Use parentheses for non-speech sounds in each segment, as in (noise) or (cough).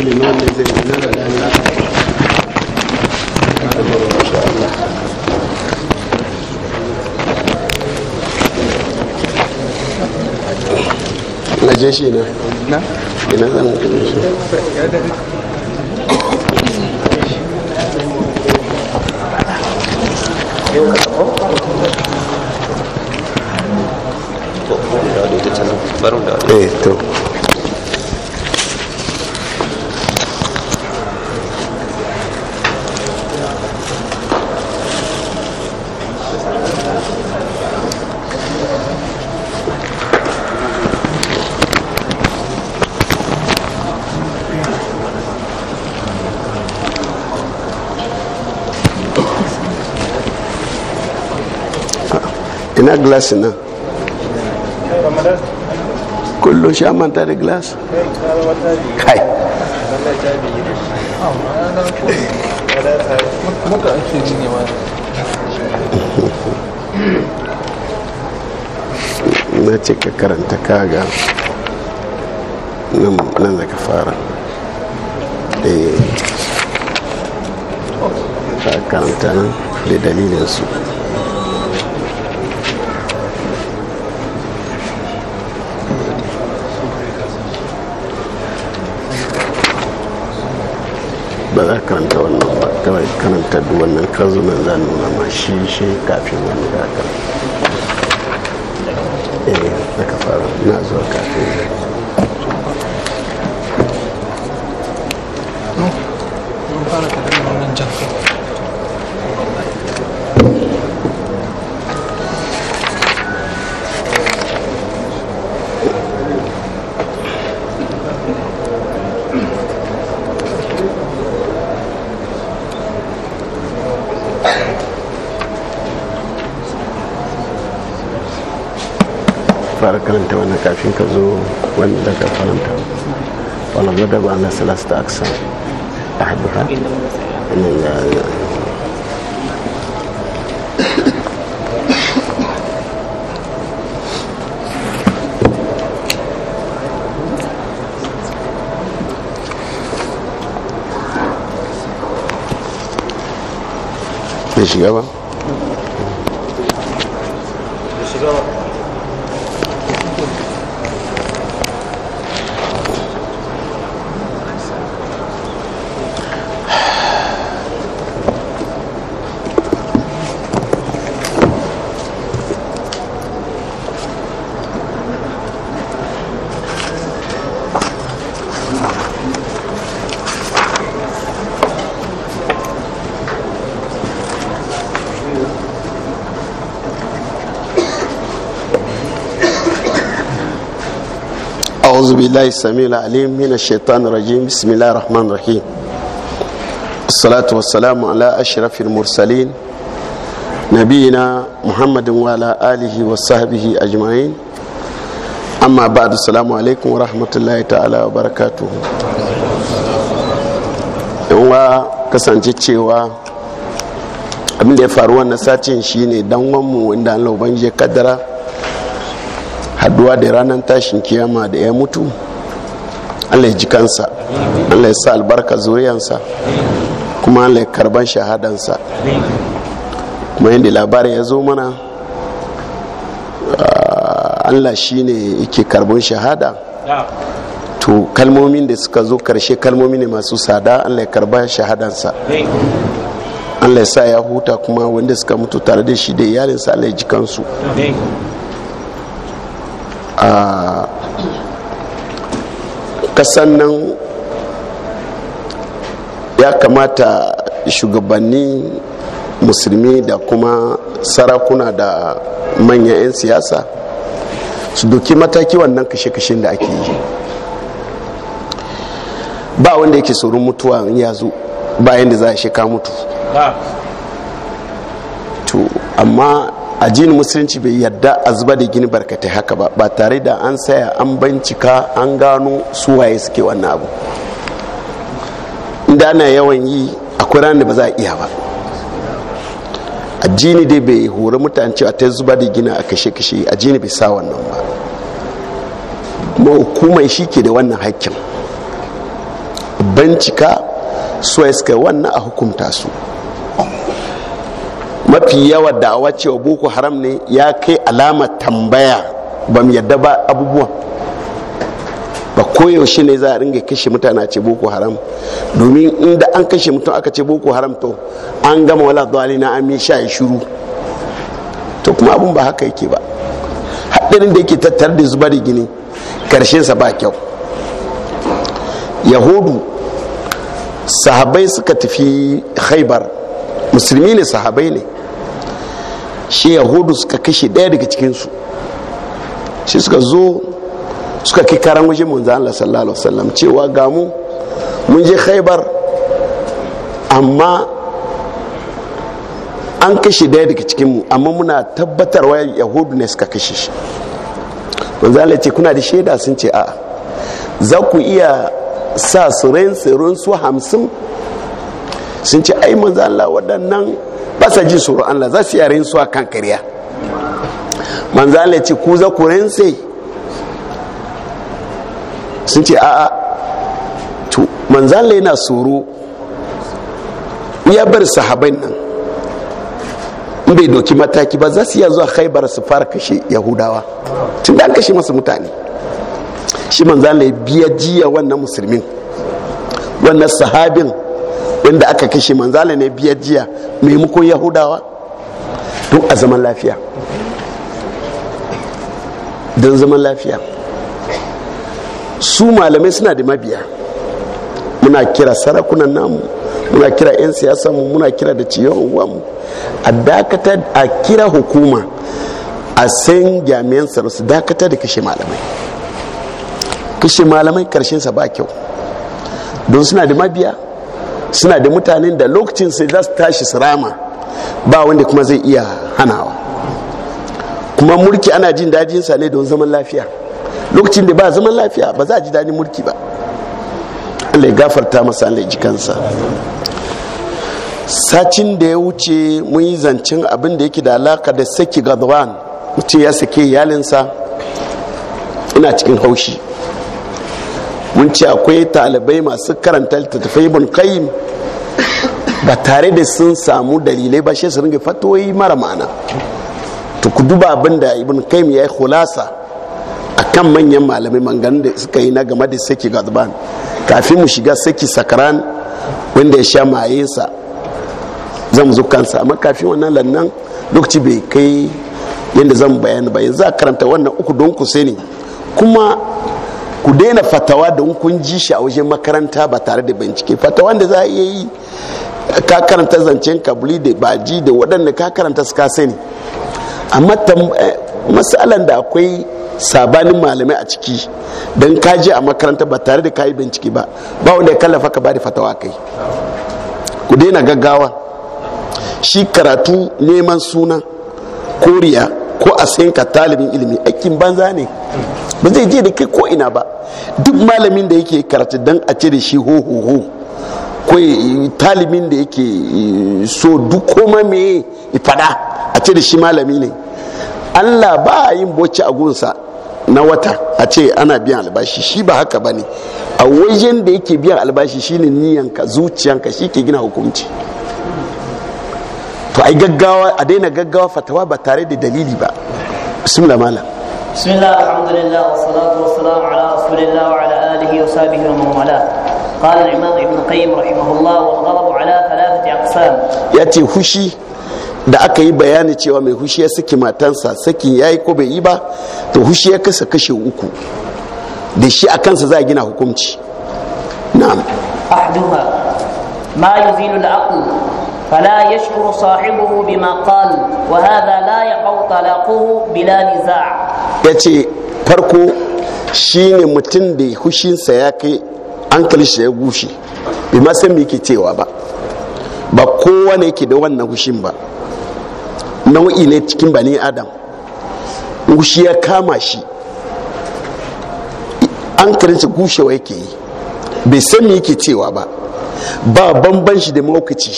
sai liman ne zai yi nan da ya na je shi na na ina zan Eh, to. glass na kullum sha manta da glass kai na ce ka karanta kaga nan da ka fara da eh. ka karanta nan da dalilinsu ba za karanta wannan ba kawai karanta da wannan kazunan za nuna ma shi shi kafin wani da aka eh aka fara na zuwa kafin kafin ka zo wanda ka faranta wani gada ba na salasta aksa a haɗuka Deixa eu بالله السميع العليم من الشيطان الرجيم بسم الله الرحمن الرحيم الصلاة والسلام على أشرف المرسلين نبينا محمد وعلى آله وصحبه أجمعين أما بعد السلام عليكم ورحمة الله تعالى وبركاته kasance cewa abin da ya faru wannan satin shine dan wanmu inda Allah ubangiji ya kaddara haduwa da ranar tashin kiyama da ya mutu allah ya ji kansa allah ya sa albarka zuriyansa kuma allah ya karban shahadansa kuma yadda labarin ya zo mana ah, allah ne yake karbon shahada to kalmomin da suka zo karshe kalmomi ne masu sada allah ya karba shahadansa allah ya sa ya huta kuma wanda suka mutu tare da shi da iyalinsa allah ya ji kansu a kasan nan ya kamata shugabanni musulmi da kuma sarakuna da manyan 'yan siyasa su doki mataki wannan kashe-kashen da ake yi ba wanda yake tsoron mutuwa ya zo bayan da za a sheka mutu to amma addinin musulunci bai yadda a zuba da gini barkatai haka ba ba tare da an saya an bincika an gano su waye suke wannan abu inda ana yawan yi akwai ranar da ba za a iya ba addini dai bai hori mutane cewa ta zuba da gina a kashe-kashe addini bai sa wannan ba kuma hukumai shi ke da wannan hakkin bincika waye suke wannan a hukumta su mafi yawa da awa cewa boko haram ne ya kai alama tambaya ba mu yadda ba abubuwan ba koyaushe ne za a ringa kashe mutane a ce boko haram domin inda an kashe mutum aka ce boko haram to an gama wala zuwa na an sha ya shuru to kuma abun ba haka yake ba haɗarin da yake tattar da zubar gini karshensa ba kyau yahudu sahabai suka tafi haibar musulmi ne sahabai ne shi yahudu suka kashe ɗaya daga cikinsu shi suka zo suka kai karan wajen manzo Allah sallallahu alaihi wasallam cewa ga mu mun je khaibar amma an kashe daya daga cikinmu amma muna tabbatar tabbatarwa yahudu ne suka kashe shi manzo Allah ce kuna da shaida sun ce a'a za ku iya sa su rin su hamsin sun ce ai manzo Allah waɗannan ba sa ji tsoron Allah za su yare su a kan karya manzo Allah ce ku za ku rinse sun ce a'a to manzo Allah yana tsoro ya bar sahabai nan in bai doki mataki ba za su iya zuwa khaibar su fara kashe yahudawa tun da an kashe masa mutane shi manzo Allah ya biya jiya wannan musulmin wannan sahabin da aka kashe manzala ne biyar jiya maimakon yahudawa duk a zaman lafiya don zaman lafiya su malamai suna da mabiya muna kira sarakunan namu muna kira 'yan siyasa mu muna kira da ciyar mu a dakata a kira hukuma a san jami'an tsaro su dakata da kashe malamai kashe malamai karshen sa ba kyau don suna da mabiya suna da mutanen da lokacin sai za su tashi rama ba wanda kuma zai iya hanawa kuma mulki ana jin dajin sa ne don zaman lafiya lokacin da ba zaman lafiya ba za a ji dadin mulki ba allai gafarta masa allai ji kansa sacin da ya wuce mun yi zancen abin da yake da alaka da saki gadwan mutum ya sake iyalinsa ina cikin haushi mun ce akwai talibai masu karanta littattafai ibn qayyim ba tare da sun samu dalilai ba shi su ringa fatoyi mara ma'ana to ku duba abin da ibn qayyim ya yi khulasa akan manyan malamai mangan da suka yi na game da saki gadban kafin mu shiga saki sakaran wanda ya sha mayensa zan zo kansa amma kafin wannan lannan lokaci bai kai yadda zan bayani ba yanzu a karanta wannan uku don ku sani kuma ku daina fatawa da kun ji shi a wajen makaranta ba tare da bincike fatawan da za a iya yi ka karanta zancen kabuli da baji da waɗanda ka karanta suka sani amma eh, matsalan da akwai sabanin malamai a ciki don ka je a makaranta ba tare da kayi bincike ba ba wanda ya kallafa ka ba da fatawa kai ku daina gaggawa shi karatu neman suna koriya ko a sayan ka talibin ilimi aikin banza ne ba zai je da kai ko ina ba duk malamin da yake karatu dan a ce da shi ho ho ko talibin da yake eh, so duk koma me fada a ce da shi malami ne allah ba yin bocci a gunsa na wata a ce ana biyan albashi shi ba haka ba ne a wajen da yake biyan albashi shine niyanka zuciyanka shi ke gina hukunci to ai gaggawa a daina gaggawa fatawa ba tare da dalili ba bismillah malam bismillah alhamdulillah wa salatu wa salam ala rasulillah wa ala alihi wa sahbihi wa man wala qala al-imam ibn qayyim rahimahullah wal ghadab ala thalathati aqsam yace hushi da aka yi bayani cewa mai hushi ya saki matansa sakin yayi ko bai yi ba to hushi ya kasa kashe uku da shi a kansa za a gina hukunci na'am ahduha ma yuzilu al-aql فلا يشكر صاحبه بما قال وهذا لا يقع طلاقه بلا نزاع yace farko shine mutum da hushinsa ya kai an shi ya gushi bai ma san me yake cewa ba ba kowa ne yake da wannan hushin ba nau'i ne cikin bani adam gushi ya kama shi an karinci gushewa yake yi bai san me yake cewa ba ba bamban shi da maukaci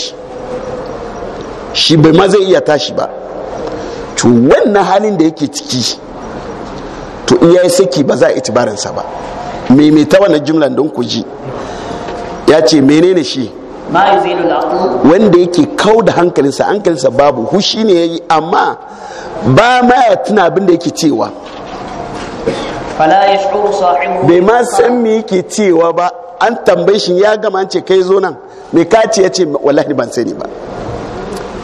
shi bai ma zai iya tashi ba to wannan halin da yake ciki to iya yi saki ba za a itibarinsa ba maimaita wannan jumlan don ku ji ya ce menene shi wanda yake kau da hankalinsa hankalinsa babu hushi ne ya yi amma ba ma ya tuna abin da yake cewa bai ma san me yake cewa ba an tambaye shi ya gama an ce kai zo nan mai kaci yace ya ce wallahi ban sani ba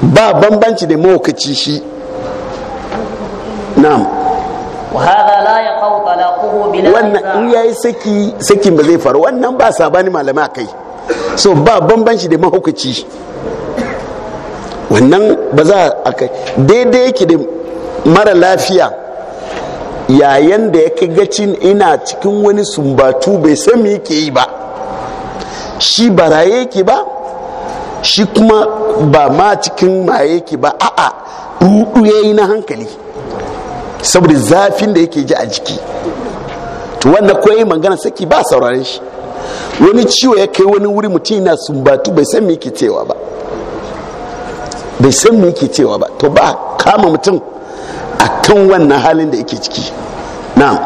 ba bambanci da mawakaci shi na'am wannan ya yi saki sakin ba zai faru wannan ba sabani malamai a kai so ba bambanci da mahaukaci wannan ba za a kai daidai yake da mara lafiya yayin da ya gacin ina cikin wani sumbatu bai san me yake yi ba shi baraye yake ba shi kuma ba ma cikin maye yake ba a'a ruɗu ya yi na hankali saboda zafin da yake ji a jiki to wanda koyi magana saki ba sauraren shi wani ciwo ya kai wani wuri mutum na sumbatu bai san me yake cewa ba bai san me yake cewa ba to ba kama mutum a kan wannan halin da yake ciki na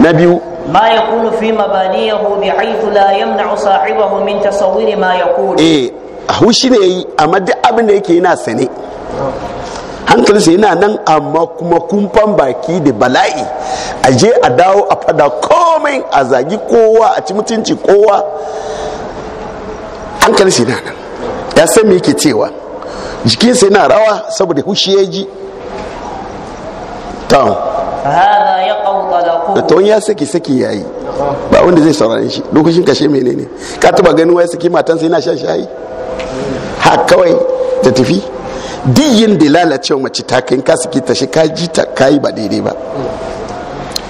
na biyu ما يكون في مبانيه بحيث لا يمنع صاحبه من تصور ما يقول eh haushi ne yi amma duk abin da yake yana sane hankalinsa yana nan amma kuma kumfan baki da bala'i a je a dawo a fada komai a zagi kowa a ci mutunci kowa hankali sai yana nan ya san me yake cewa jikinsa yana rawa saboda hushi ya ji town فهذا يقع طلاقه to ya saki saki yayi ba wanda zai saurare shi lokacin kashe menene ka taba ganin wai saki matansa yana shan shayi ha kawai ta tafi diyin da lalacewa mace ta kai ka saki ta shi ka ji ta yi ba daidai ba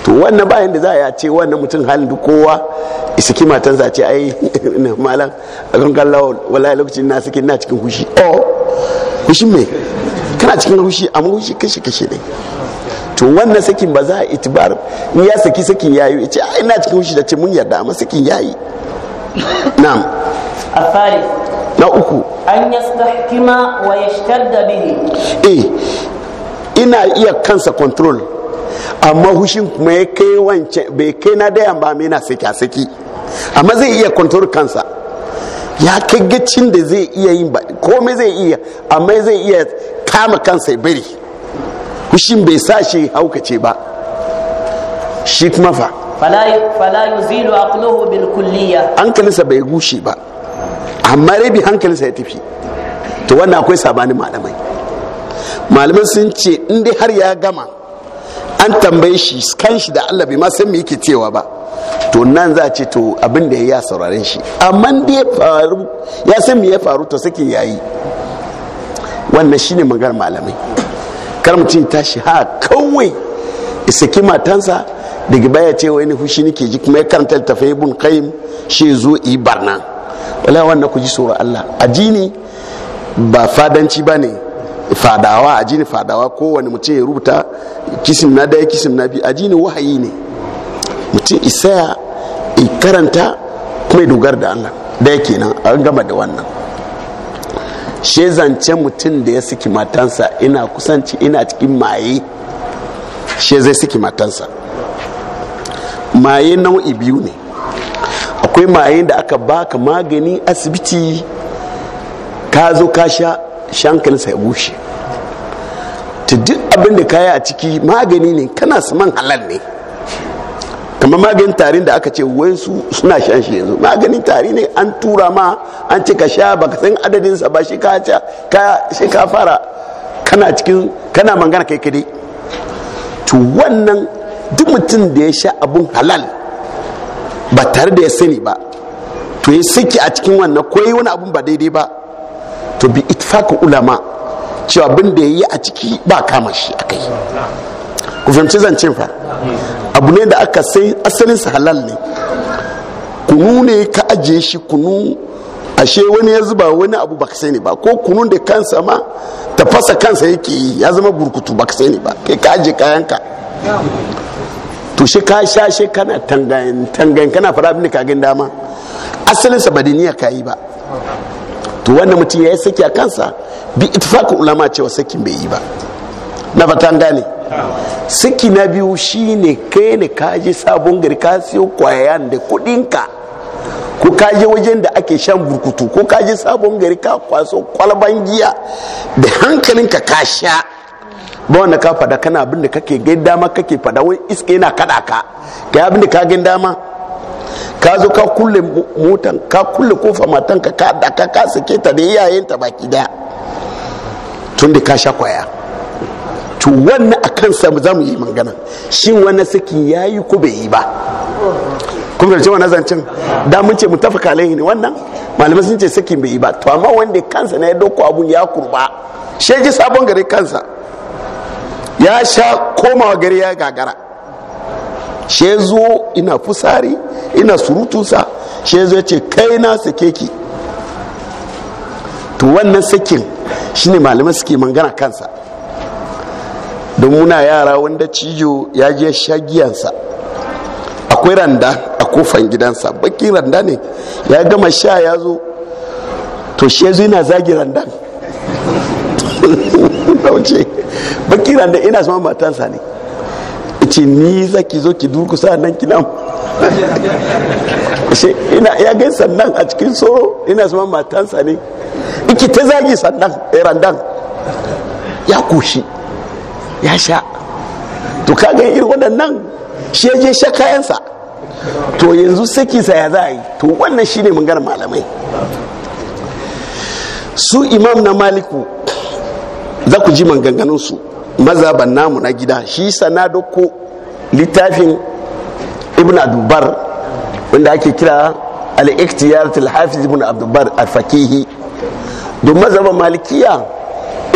to wannan bayan da za a ce wannan mutum halin duk kowa isaki matansa ce ai (laughs) malam a kan kallawa wala lokacin na saki na cikin hushi oh hushin me kana cikin hushi amma hushi kashe kashe ne to wannan sakin ba za a itibar in ya saki sakin ya yi ce ina cikin hushi da ce mun yarda amma sakin ya yi. (laughs) na'am afari na uku an yastahkima wa yashtadda bihi eh ina iya kansa control amma hushin kuma ya kai wancan bai kai na dayan ba mai na saki a saki amma zai iya control kansa ya kai gacin da zai iya yin ba komai zai iya amma zai iya kama kansa ya bari kushin bai sa shi haukace ba shi kuma fa bil hankalinsa bai gushe ba amma rabi hankalinsa ya tafi to wannan akwai sabanin malamai malamai sun ce in har ya gama an tambaye shi kan shi da Allah ma san yake cewa ba to nan za a ce to abin da ya sauraren shi amma da ya faru ya san me ya faru to sake yayi wannan shine maganar malamai kar mutum tashi ha kawai isaki matansa daga baya ce wani fushi nake ji kuma ya karanta tafe bun kaim shi zo yi barna wala wannan ku ji tsoron Allah A ajini ba fadanci ba ne fadawa a ajini fadawa kowane mutum ya rubuta kisim na daya kisim na biyu A ajini wahayi ne mutum isaya ya karanta kuma ya dogara da Allah daya kenan an gama da wannan she zance mutum da ya siki matansa ina kusanci ina cikin maye she zai siki matansa maye nau'i biyu ne akwai maye da aka baka magani asibiti ka zo ka sha shankalinsa ya bushe ta duk abin da ka yi a ciki magani ne kana su man halal ne amma maganin tarin da aka ce wai su suna shan shi yanzu maganin tari ne an tura ma an ce ka sha baka san adadin sa ba shi ka ka shi ka fara kana cikin kana mangana kai kai to wannan duk mutum da ya sha abun halal ba tare da ya sani ba to ya saki a cikin wannan ko yi wani abun ba daidai ba to bi itfaqu ulama cewa abin da yayi a ciki ba kama shi akai ku fahimci zancen fa abu ne da aka sai asalinsa halal ne kunu ne ka ajiye shi kunu ashe wani ya zuba wani abu sai ne ba ko kunu da kansa ma tafasa kansa yake yi ya zama burkutu sai ne ba kai ka aje kayanka to shi ka sha shi kana tangayen tangayen kana fara abin da ka gani dama asalin sa ka yi ba to wannan mutum ya yi saki a kansa bi ittifaqu ulama cewa sakin bai yi ba na fatan gane siki na biyu shine kai ne kaji sabon gari ka siyo kwayan da kudinka ko ka wajen da ake shan burkutu ko kaji sabon gari ka kwaso kwalban giya da hankalinka ka sha ba wanda ka fada kana abin da kake gai dama kake fada wani iska yana kada ka ka abin da ka gai dama ka zo ka kulle motan ka kulle kofa matanka ka ka ka sake ta da iyayenta baki daya tun da ka sha kwaya to wannan a kansa za mu yi magana shin wannan saki ya yi ko bai yi ba kun zarce wannan zancen da ce mu tafi kalai ne wannan malamai sun ce sakin bai yi ba to amma wanda kansa na ya doko abun ya kurba shi ji sabon gari kansa ya sha komawa gari ya gagara she zo ina fusari ina surutusa. she zo ce kai na sake ki to wannan sakin shine malamai suke mangana kansa don muna yara wanda cijo ya je shagiyansa akwai randa a kofan gidansa bakin randa ne ya gama sha ya zo to shi ya zo yana zagi randan (laughs) bakin randa ina zama matansa ne ce ni za ki zo ki durkusa nan kinan shi ina ya gai sannan a cikin tsoro ina zama matansa ne iki ta zagi sannan eh, randan ya koshi ya sha to kaga irin waɗannan shi ya je sha kayansa to yanzu sakinsa ya za a yi to wannan shi ne mangar malamai su imam na maliku za ku ji maganganunsu mazaban namu na gida shi sana doko littafin ibn adubar wanda ake kira al iktiyar hafiz ibn adubar al-fakihi don mazaban malikiya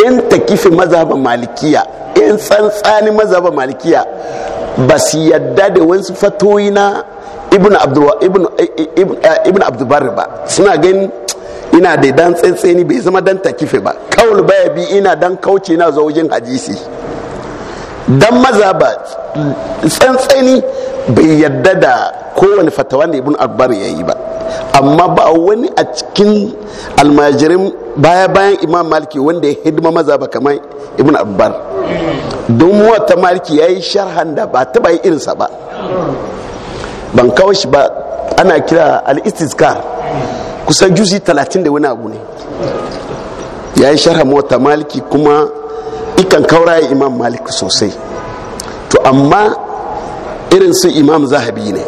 yan takifi mazhaban malikiya yan tsantsani mazhaban malikiya ba su yadda da wasu fatoyi na ibn abdubar eh, eh, eh, ba suna ganin ina da dan tsantsani bai zama dan takife ba kawul baya bi ina dan kauce na zuwa wajen hadisi dan maza ba tsantsani bai yadda da kowane fatawa da ibn abdubar ya yi ba amma ba wani a cikin almajirin baya bayan imam maliki wanda ya hidima maza ba kamar ibn abbar don wata maliki ya yi sharhan da ba taba yi irinsa ba ban kawo shi ba ana kira al kusan juzi talatin da wani abu ne ya yi sharhan wata maliki kuma ikan kaura imam maliki sosai to amma irin su imam zahabi ne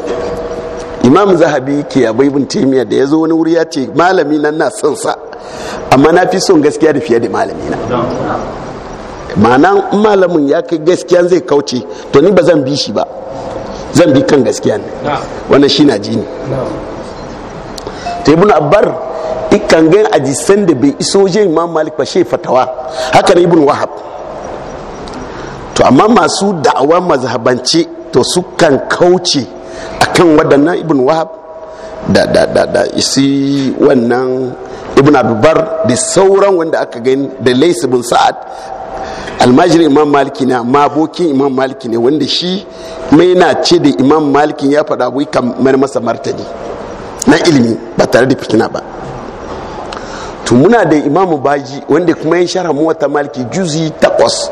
imam zahabi ke abai bin taimiya da ya zo wani wuri ya ce malami nan na son sa amma na fi son gaskiya da fiye da malami na ma'ana malamin ya kai gaskiya zai kauce to ni ba zan bi shi ba zan bi kan gaskiya ne wannan shi na ji ne ibn abbar ikangan ajisan da bai iso je imam malik ba shi fatawa haka ne ibn wahab to amma masu da'awa mazhabance to sukan kauce kan waɗannan ibn wahab da da da da isi wannan ibn abubar da sauran wanda aka gani da lais bin sa'ad almajirin imam maliki na mabokin imam maliki ne wanda shi mai na ce da imam maliki ya faɗa wai kamar masa martani na ilimi ba tare da fitina ba to muna da imam baji wanda kuma ya shara mu wata maliki juzi takwas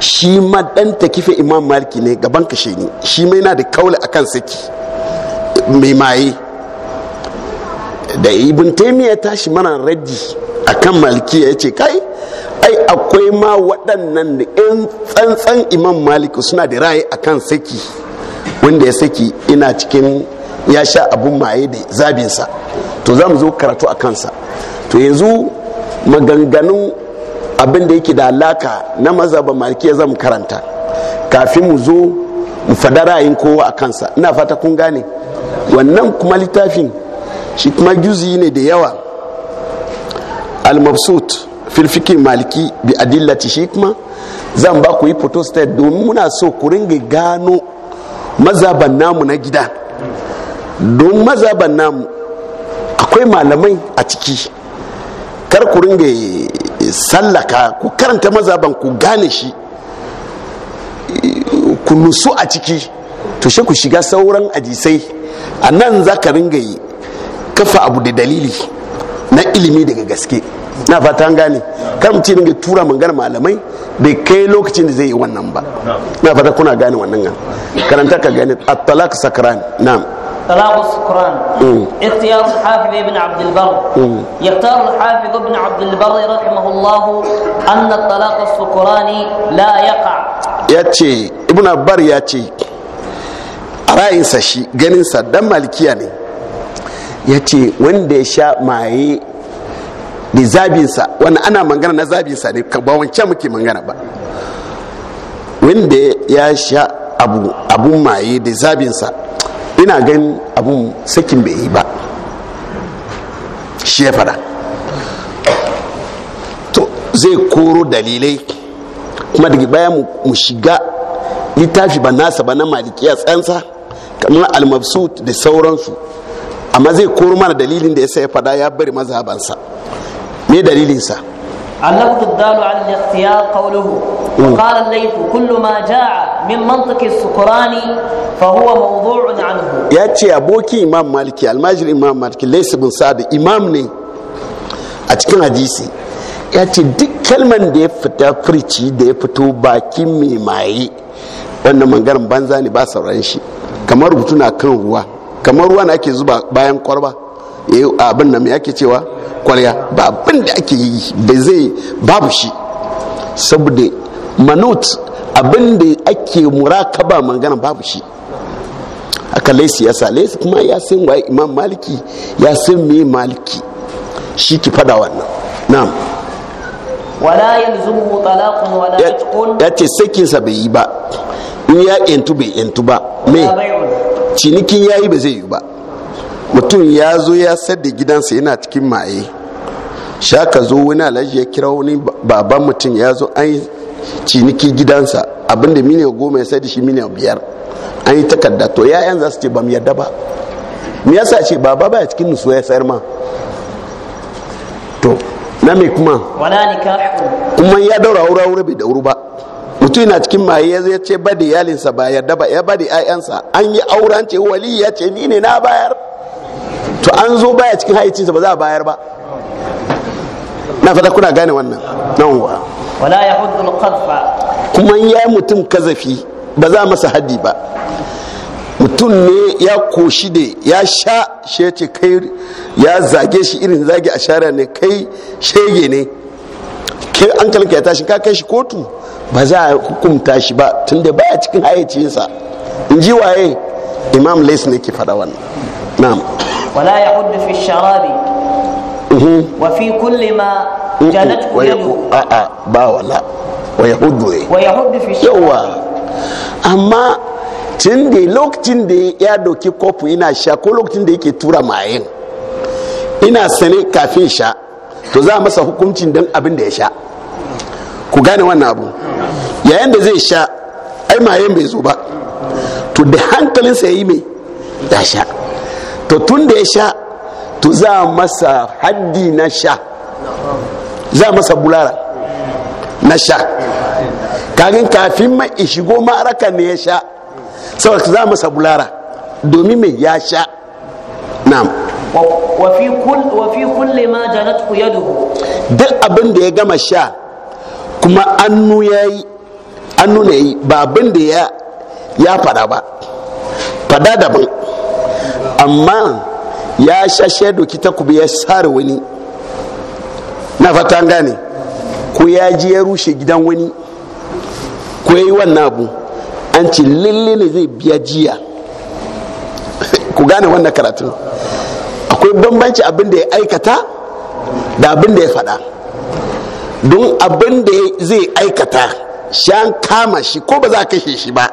shi ma dan takife imam maliki ne gaban kashe ne shi mai yana da kaula akan saki mai maye da ibn taimiyya tashi mana a akan maliki ya ce kai ai akwai ma waɗannan da yan tsantsan imam maliki suna da raye akan saki wanda ya saki ina cikin ya sha abun maye da zabinsa to za mu zo karatu a kansa to yanzu maganganun abin da yake da alaka na mazaba malikiya zan karanta kafin mu zo mu fada ra'ayin kowa a kansa ina fata kun gane wannan kuma littafin shi kuma juzi ne da yawa al-mabsut fil maliki bi adillati shi kuma zan ba ku yi photo domin muna so ku ringa gano mazaban namu na gida don mazaban namu akwai malamai a ciki kar ku ringa sallaka ku karanta mazaban ku gane shi ku nusu a ciki to shi ku shiga sauran ajisai a nan za ka ringa yi kafa abu da dalili na ilimi daga gaske na fata an gane karamci mutum ringa tura mangar malamai bai kai lokacin da zai yi wannan ba na fata kuna gane wannan karanta ka gane at-talaq sakran na'am بلاغ السكران اختيار الحافظ ابن عبد البر يختار الحافظ ابن عبد البر رحمه الله أن الطلاق السكراني لا يقع ياتي ابن عبر ياتي ra'ayinsa shi ganinsa dan malikiya ne ya ce wanda ya sha maye da zabinsa wanda ana mangana na zabinsa ne ba wancan muke mangana ba wanda ya sha abu abun maye da zabinsa ina ganin abun sakin bai yi ba shi ya fada to zai koro dalilai kuma daga baya mu shiga littafi ba nasa ba na malikiya tsansa kamar almabsut da sauransu amma zai koro mana dalilin da ya sai fada ya bari mazhabansa me dalilinsa وقال الليث كل ما جاء من منطق السكران فهو موضوع عنه تشي ابوكي امام مالكي الماجر امام مالكي ليس بن سعد امام ne a cikin hadisi ya ce duk kalman da ya fita furci da ya fito bakin mai maye wannan mangaran banza ne ba sauran shi kamar rubutu na kan ruwa kamar ruwa na ake zuba bayan kwarba abin nan mai ake cewa kwarya ba abin da ake yi ba zai babu shi saboda manut abinda ake murakaba magana babu shi aka laisi ya sa laisi kuma ya san waye imam maliki ya san me maliki shi ki fada wannan na'am wala yalzumu talaqun wala sakin sa bai yi ba in ya yantu bai yantu ba me cinikin yayi ba zai yi ba mutum ya zo ya sadda gidansa yana cikin maye shaka zo wani alhaji ya kira wani baban mutum ya zo an ciniki gidansa abinda miliyan goma ya sai da shi miliyan biyar an yi takarda to yayan za su ce ba mu yarda ba me yasa ce baba baya cikin nusu ya sayar ma to na me kuma kuma ya daura wura wura bai dauru ba mutum na cikin maye ya ce ba da iyalinsa ba yarda ba ya ba da 'ya'yansa an yi auren ce wali ya ce ni ne na bayar to an zo baya cikin haicinsa ba za a bayar ba na fata kuna gane wannan nan wa wala ya hudu qadfa kuma ya mutum kazafi ba za masa hadi ba mutum ne ya koshi da ya sha shi ce kai ya zage shi irin zage a shara ne kai shege ne ke an kalka ya tashi ka kai shi kotu ba za a hukunta shi ba tunda baya cikin hayyacinsa in ji waye imam lais ne ke faɗa wannan na'am wala ya hudu fi sharabi mhm. wa fi kulli ma yawa amma tun da lokacin da ya doki kofu ina sha ko lokacin da yake tura mayan ina sane kafin sha to za a masa hukuncin don abin da ya sha ku gane wannan abu yayin da zai sha ai mayan bai zo ba to da hankalinsa ya yi mai ya sha to tun da ya sha to za a masa haddi na sha za masa bulara na sha kagin kafin ma ishigo ma'araka ne ya sha saboda za masa bulara domin mai ya sha na'am wafi kulle ma ya yaduhu duk abin da ya gama sha kuma annu ya yi annu ne yi ba abin da ya ya fada ba fada daban amma ya sha shaidu kita kuma ya sare wani na fata gane ko ya ji ya rushe gidan wani ko ya yi wannan abu an ce lalle ne zai biya jiya (laughs) ku gane wannan karatun akwai bambanci abin da ya aikata da abin da ya faɗa don abin da zai aikata shan kama shi ko ba za kashe shi ba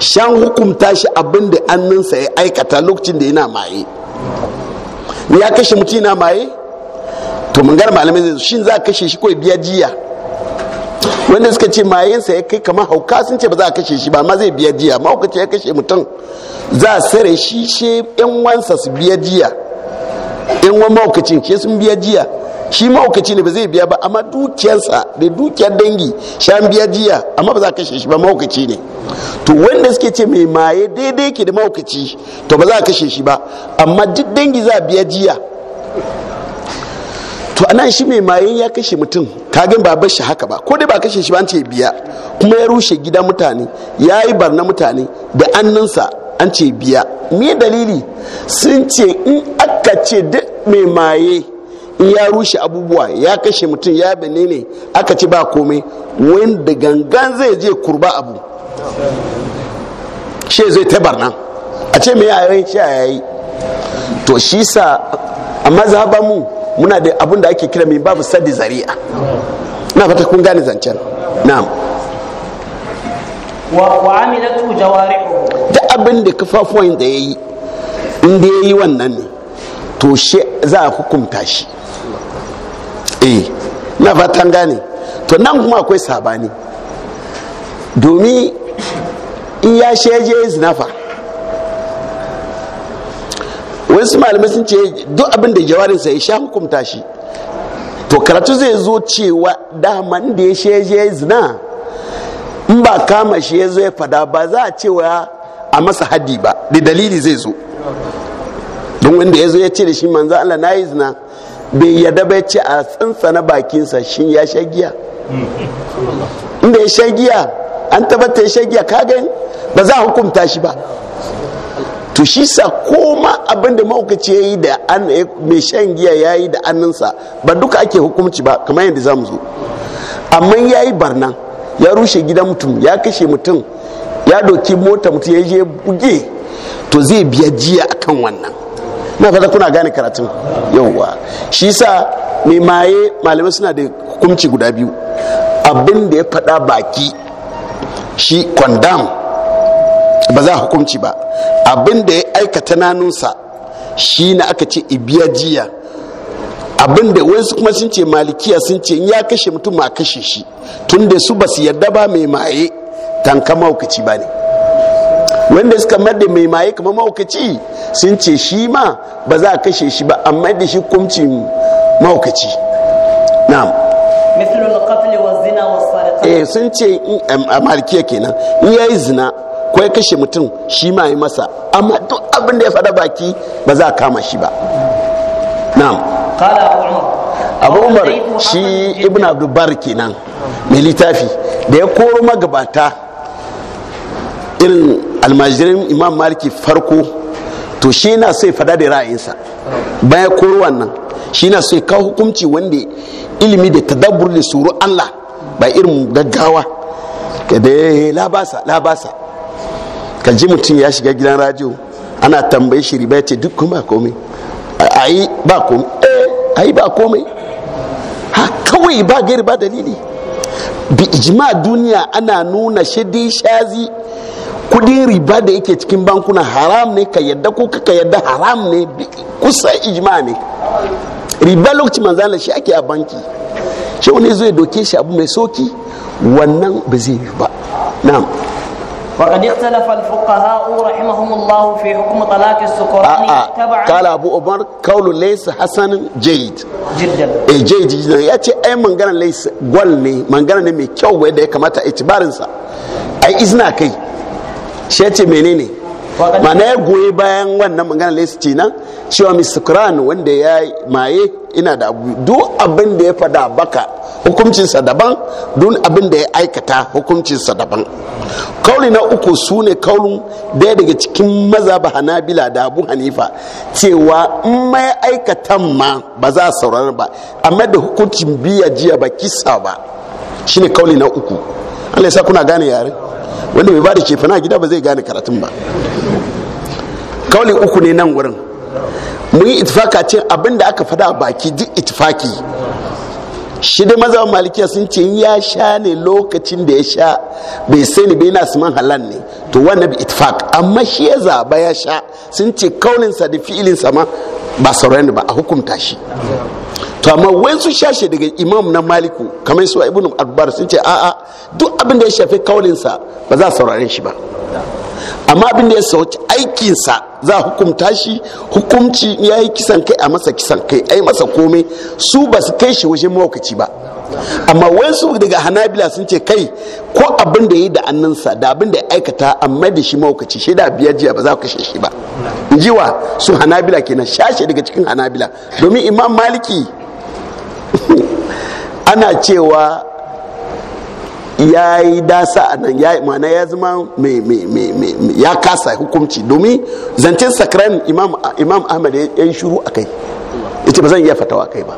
shan hukumta shi abin da annansa ya aikata lokacin da yana maye ya kashe mutum yana maye to mangar malamai zai shin za a kashe shi kawai biya jiya wanda suka ce mayensa ya kai kamar hauka sun ce ba za a kashe shi ba amma zai biya jiya ce ya kashe mutum za a sare shi she yan wansa su biya jiya yan wan mahaukacin she sun biya jiya shi mahaukaci ne ba zai biya ba amma dukiyarsa da dukiyar dangi shan biya jiya amma ba za a kashe shi ba mahaukaci ne to wanda suke ce mai maye daidai ke da mahaukaci to ba za a kashe shi ba amma duk dangi za a biya jiya to anan shi mai maye ya kashe mutum kagin ba bar shi haka ba ko dai ba kashe shi ba an ce biya kuma ya rushe gida mutane ya yi barna mutane da annansa an ce biya me dalili sun ce in aka ce duk mai maye in ya rushe abubuwa ya kashe mutum ya bane ne aka ce ba komai wanda gangan zai je kurba abu shi zai ta barna a ce mai yayi shi a yayi to shi sa a ba mu muna da abin da ake kira mai babu sadi zari'a na fata kun gane zancen na'am wa amilatu jawarihu da abin da kafafuwan da yayi in da yayi wannan ne to she za a hukunta shi eh na fatan gane to nan kuma akwai sabani domin in ya sheje zinafa wasu malamai sun ce duk abin da jawarinsa ya sha hukumta shi to karatu zai zo cewa daman da ya ya zina in ba kama shi ya zo ya fada ba za a cewa a masa haddi ba da dalili zai zo don wanda ya zo ya ce da shi manzo Allah na yi zina bai yadda bai ce a tsantsana bakinsa shi ya shagiya inda ya giya an tabbata ya shagiya kaga ba za a hukunta shi ba to shi sa koma abinda da mahaukaci ya yi da an eh, mai shan giya ya yi da annansa ba duka ake hukunci ba kamar yadda za mu zo amma ya yi barna ya rushe gidan mutum ya kashe mutum ya doki mota mutum ya je buge to zai biya jiya akan wannan na fata kuna gane karatun yauwa shi sa mai maye malamai suna da hukumci guda biyu abin da ya faɗa baki shi kwandam ba za hukunci ba abin da ya aikata nanunsa shi na aka ce ibiya jiya abin da wasu kuma sun ce malikiya sun ce ya kashe mutum ma kashe shi tun da su ba su yarda ba mai maye tanka maukaci ba ne wanda suka mada mai maye kamar maukaci sun ce shi ma ba za a kashe shi ba amma da shi kumcin maukaci na'am eh sun ce a malikiya kenan in yayi zina ko kashe mutum shi ma yi masa amma duk abin da ya faɗa baki ba za a kama shi ba na'am abu umar shi ibn abdulbar kenan mai littafi da ya koro magabata irin almajirin imam maliki farko to shi na so ya fada da ra'ayinsa baya koro wannan shi na so ya kawo hukunci wanda ilimi da tadabbur da suru allah ba irin gaggawa ka da labasa labasa ka ji mutum ya shiga gidan radio ana tambayi shi riba ya ce duk ba komai ayi ba komai eh ayi ba komai ha kawai ba gari ba dalili bi ijma duniya ana nuna shidi shazi kudin riba da yake cikin bankuna haram ne ka yadda ko ka yadda haram ne kusa ijma ne riba lokaci manzala shi ake a banki shi wani zai doke shi abu mai soki wannan ba zai yi ba na'am وقد اختلف الفقهاء رحمهم fi hukuma حكم طلاق السكران تبعا قال ابو عمر قول ليس حسن جيد جدا eh جيد جدا yace ai mangana lays gwal ne mangana ne mai kyau wanda ya kamata itibarin sa ai izna kai shi yace menene mana ya goyi bayan wannan magana laisu ce nan cewa misukran wanda ya maye ina da abu duk abin da ya fada baka hukuncinsa daban duk abin da ya aikata hukuncinsa daban kauli na uku su ne kaulin daya daga cikin mazaba hanabila da abu hanifa cewa in mai aikatan ma ba za a saurari ba amma da hukuncin biya jiya ba kisa ba shine kauli na uku allah ya sa kuna gane yare wanda mai bada da cefana gida ba zai gane karatun ba kauli uku ne nan wurin mun yi itifaka ce abinda aka fada a baki duk itifaki shi da mazawa malikiya sun ce ya sha ne lokacin da ya sha bai sai sani bai na suman halal ne to wannan bi itifak amma shi ya zaba ya sha sun ce kaulinsa da fi'ilin ma ba sauran ba a hukunta shi to amma su shashe daga imam na maliku kamar su ibn akbar sun ce a'a duk abin da ya shafi kaulinsa ba za a saurare shi ba amma abin da ya sauci aikinsa za a hukumta shi hukumci ya yi kisan kai a masa kisan kai ai masa komai su ba su kai shi wajen mawakaci ba amma su daga hanabila sun ce kai ko abin da ya yi da annansa da abin da ya aikata amma da shi mawakaci shi da biyar jiya ba za ku kashe shi ba in ji wa su hanabila kenan shashe daga cikin hanabila domin imam maliki ana cewa ya yi dasa a nan ya ya zama ya kasa hukunci domin zancen sakran imam ahmad ya yi shuru a kai ya ce ba zan iya fatawa kai ba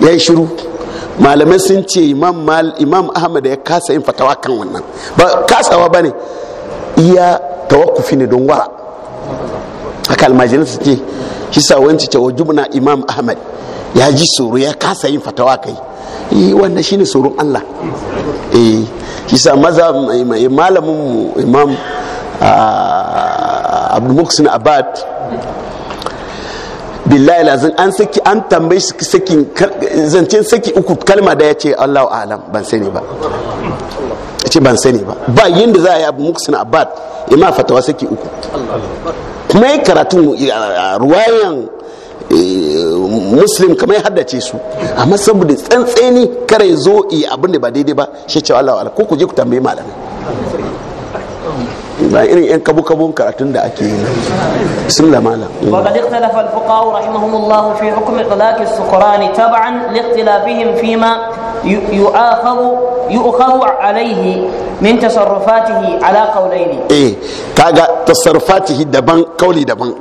ya yi shuru malamai sun ce imam ahmad ya kasa yin fatawa kan wannan ba kasawa ba ne iya tawakufi ne don wara haka almajirin su ce shi sa wanci ce wa jumna imam ahmad ya ji tsoro ya kasa yin fatawa kai yi eh, wannan shine tsoron Allah eh shi sa maza malamin mu imam ah, abdul muhsin abad billahi lazin an saki an tambayi sakin zancen saki uku kalma da ya ce Allahu alam ban sani ba ya ce ban sani ba ba yadda za a yi abu muksin abad ima fatawa saki uku kuma yi karatun ruwayan Eh, muslim kamar ya haddace su amma saboda tsantseni kare zo iya abin da ba daidai ba shi cewa Allah ko ku je ku tambayi malami ba irin yan kabu kabun karatun da ake yi bismillah malam wa qad ikhtalafa al fuqaha rahimahumullah fi hukm talaq as suqran tab'an li ikhtilafihim fi ma yu'akhadhu yu'khadhu alayhi min tasarrufatihi ala qawlayn eh kaga tasarrufatihi daban kauli daban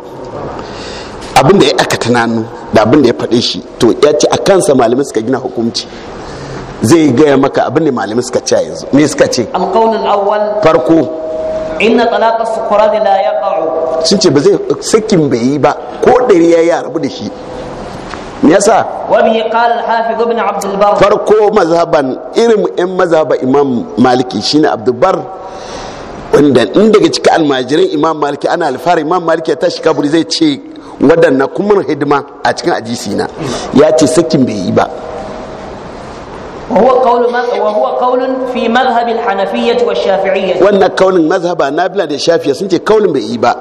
abin da ya aka tunanu da abin da ya faɗe shi to ya ce a kansa malamai suka gina hukunci zai gaya maka abin da malamai suka ce yanzu me suka ce alƙaunin awwal farko inna talaqa sukurani la yaqa'u sun ce ba zai sakin bai yi ba ko dare ya ya rabu da shi me yasa wa bi qala al-hafiz ibn abd al-bar farko mazhaban irin ɗan mazhaba imam maliki shine ne bar wanda in daga cikin almajiran imam maliki ana alfahar imam maliki ya tashi kaburi zai ce waɗannan kuma hidima a cikin ajisi na ya ce sakin bai yi ba wannan kaunin mazhaba na bila da shafiya sun ce kaunin bai yi ba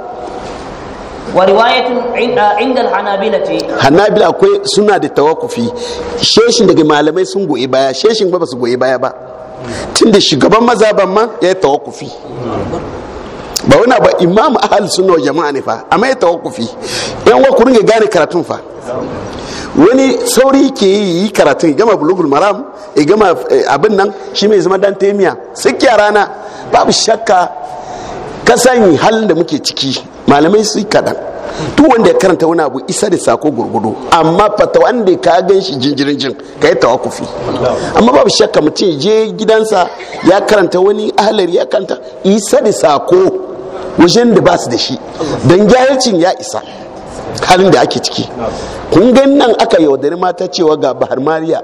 hannabila akwai suna da tawakufi sheshin daga malamai sun goyi baya sheshin ba su goyi baya ba tun da shugaban mazaban ma ya yi tawakufi ba wani ba imam ahal suna jama'a ne fa amma ya tawakkufi yan wa ku ringa gane karatun fa wani sauri ke yi karatun ya gama bulugul maram ya gama eh, abin nan shi mai zama dan taimiya saki rana babu shakka kasan halin da muke ciki malamai su kaɗan tu wanda ya karanta wani abu isa da sako gurgudu amma fata wanda ka gan shi jinjirin jin ka yi tawakufi amma babu shakka mutum je gidansa ya karanta wani ahalari ya karanta isa da sako wajen da ba su da shi don jahilcin ya isa halin da ake ciki kun gan nan aka yaudari mata cewa ga bahar mariya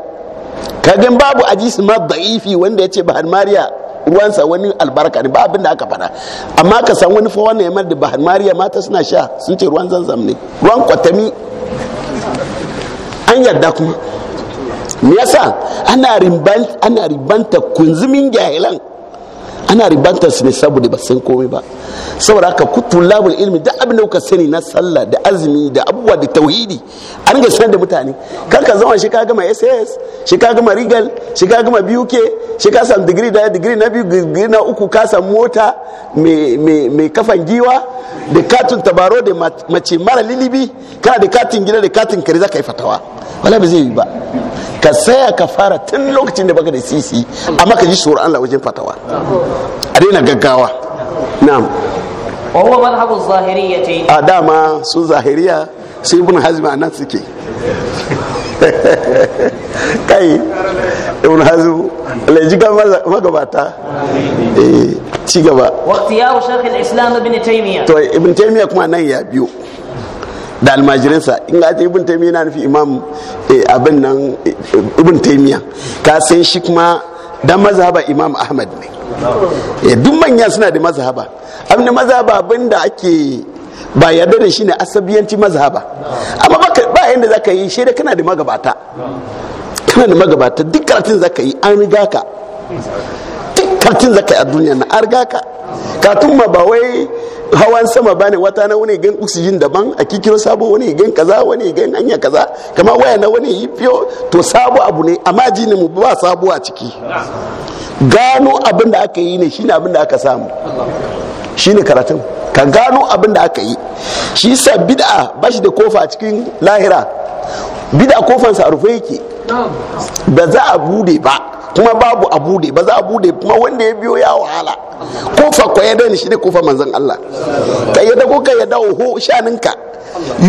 kagan babu ajisi ma da'ifi wanda ya ce bahar mariya ruwansa wani albarka ne ba abin da aka faɗa amma ka san wani fa wannan yamar da bahar mariya mata suna sha sun ce ruwan zanzam ne ruwan kwatami an yarda kuma me yasa ana ribanta kunzumin jahilan ana ribantar su ne saboda ba san komai ba saboda haka kutu labul ilmi da abin da kuka sani na sallah da azumi da abubuwa da tauhidi an ga sanar da mutane kan ka zama shi ka gama ss shi ka gama rigal shi ka gama buk shi ka samu digiri da digiri na biyu digiri na uku ka samu mota mai kafan giwa da katin tabaro da mace mara lilibi kana da katin gida da katin kare za ka yi fatawa wala ba zai yi ba ka saya ka fara tun lokacin da baka da sisi amma ka ji tsoron Allah wajen fatawa a daina gaggawa na'am wa huwa madhhabu zahiriyyati a dama su zahiriya su ibn hazm anan suke (laughs) kai ibn hazm Allah ji ga magabata eh ci gaba wa ikhtiyaru shaykh al-islam ibn taymiyah to ibn taymiyah kuma nan ya biyo da almajirinsa in ga ta ibn taymiya na nufi imam eh, abin nan eh, ibn taymiya ka san shi kuma dan mazhaba imam ahmad ne eh, duk manya suna da mazhaba abin da mazhaba abin da ake ba yarda da shi ne asabiyanci mazhaba amma ba yadda za ka yi shaida kana da magabata kana da magabata duk karatun za ka yi an riga ka karcin zaka a duniya na arga ka katun ma ba wai hawan sama ba ne wata na wani gan oxygen daban a kikiro sabo wani gan kaza wani gan hanya kaza kama waya na wani yi fiyo to sabo abu ne amma jini mu ba sabo a ciki gano abin da aka yi ne shine abin da aka samu shine karatun ka gano abin da aka yi shi sa bid'a ba shi da kofa a cikin lahira bid'a kofansa a rufe yake ba za a bude ba kuma babu a bude ba za a bude kuma wanda ya biyo ya wahala kofa ko ya dani shi ne kofa manzon Allah ka yadda ko ka yadda ho shaninka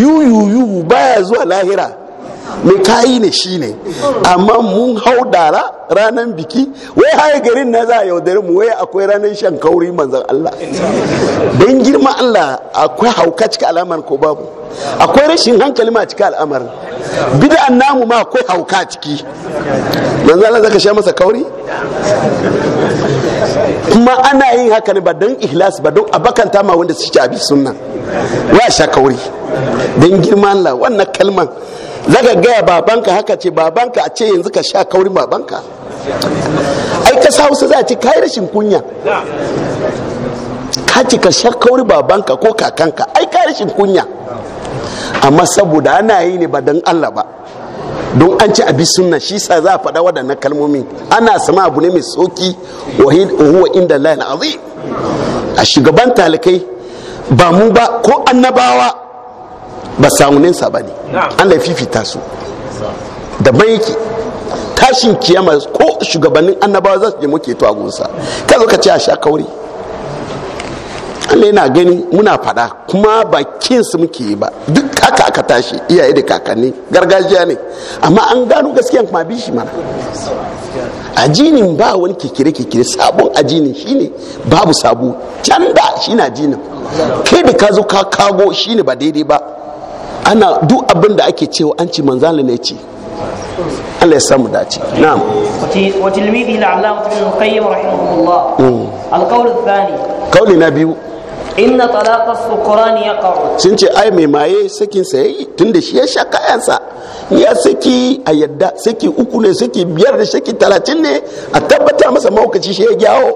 yu yu yu baya zuwa lahira mai kayi ne shi ne amma mun hau dara ranar biki wai haye garin na za a yaudari mu wai akwai ranar shan kauri manzan Allah don girma Allah akwai hauka cika al'amarin ko babu akwai rashin hankali ma cika al'amarin, bid'an namu ma akwai hauka ciki manzan Allah zaka sha masa kauri kuma ana yin haka ne ba don ihlas ba don abakanta ma wanda suke abi sunna wa sha kauri don girma Allah wannan kalman zaka gaya babanka haka ce babanka a ce yanzu ka sha kauri babanka ai sa hausa za a ce kai rashin kunya ka ce ka sha kauri babanka ko kakanka ai ka rashin kunya amma saboda ana yi ne ba don allah ba don an ci abi sunna shi sa za a faɗa waɗannan kalmomi ana sama abu ne mai soki wahidu huwa inda na azim a shugaban talikai ba mu ba ko annabawa ba sa'unin sa bane Allah ya fifita su da ban yake tashin kiyama ko shugabannin annabawa za su je muke to gunsa ka zo ka ce a sha kauri Allah yana gani muna fada kuma ba kinsu muke yi ba duk haka aka tashi iyaye da kakanni gargajiya ne amma an gano gaskiyan kuma bi shi mana ajinin ba wani kekere kekere sabon ajinin shine babu sabo can da shine ajinin kai da ka zo ka kago shine ba daidai ba ana duk abin da ake cewa an ci manzala ne ce Allah ya samu dace na'am wa tilmidi la'allahu ibn qayyim rahimahullah mm. al-qawl ath qawli na biyu inna talaqa as-sukran yaqa sun ce ai mai maye sakin sa yayi tunda shi ya sha kayansa ya saki a yadda saki uku ne saki biyar da saki talatin ne a tabbata masa maukaci shi ya gyawo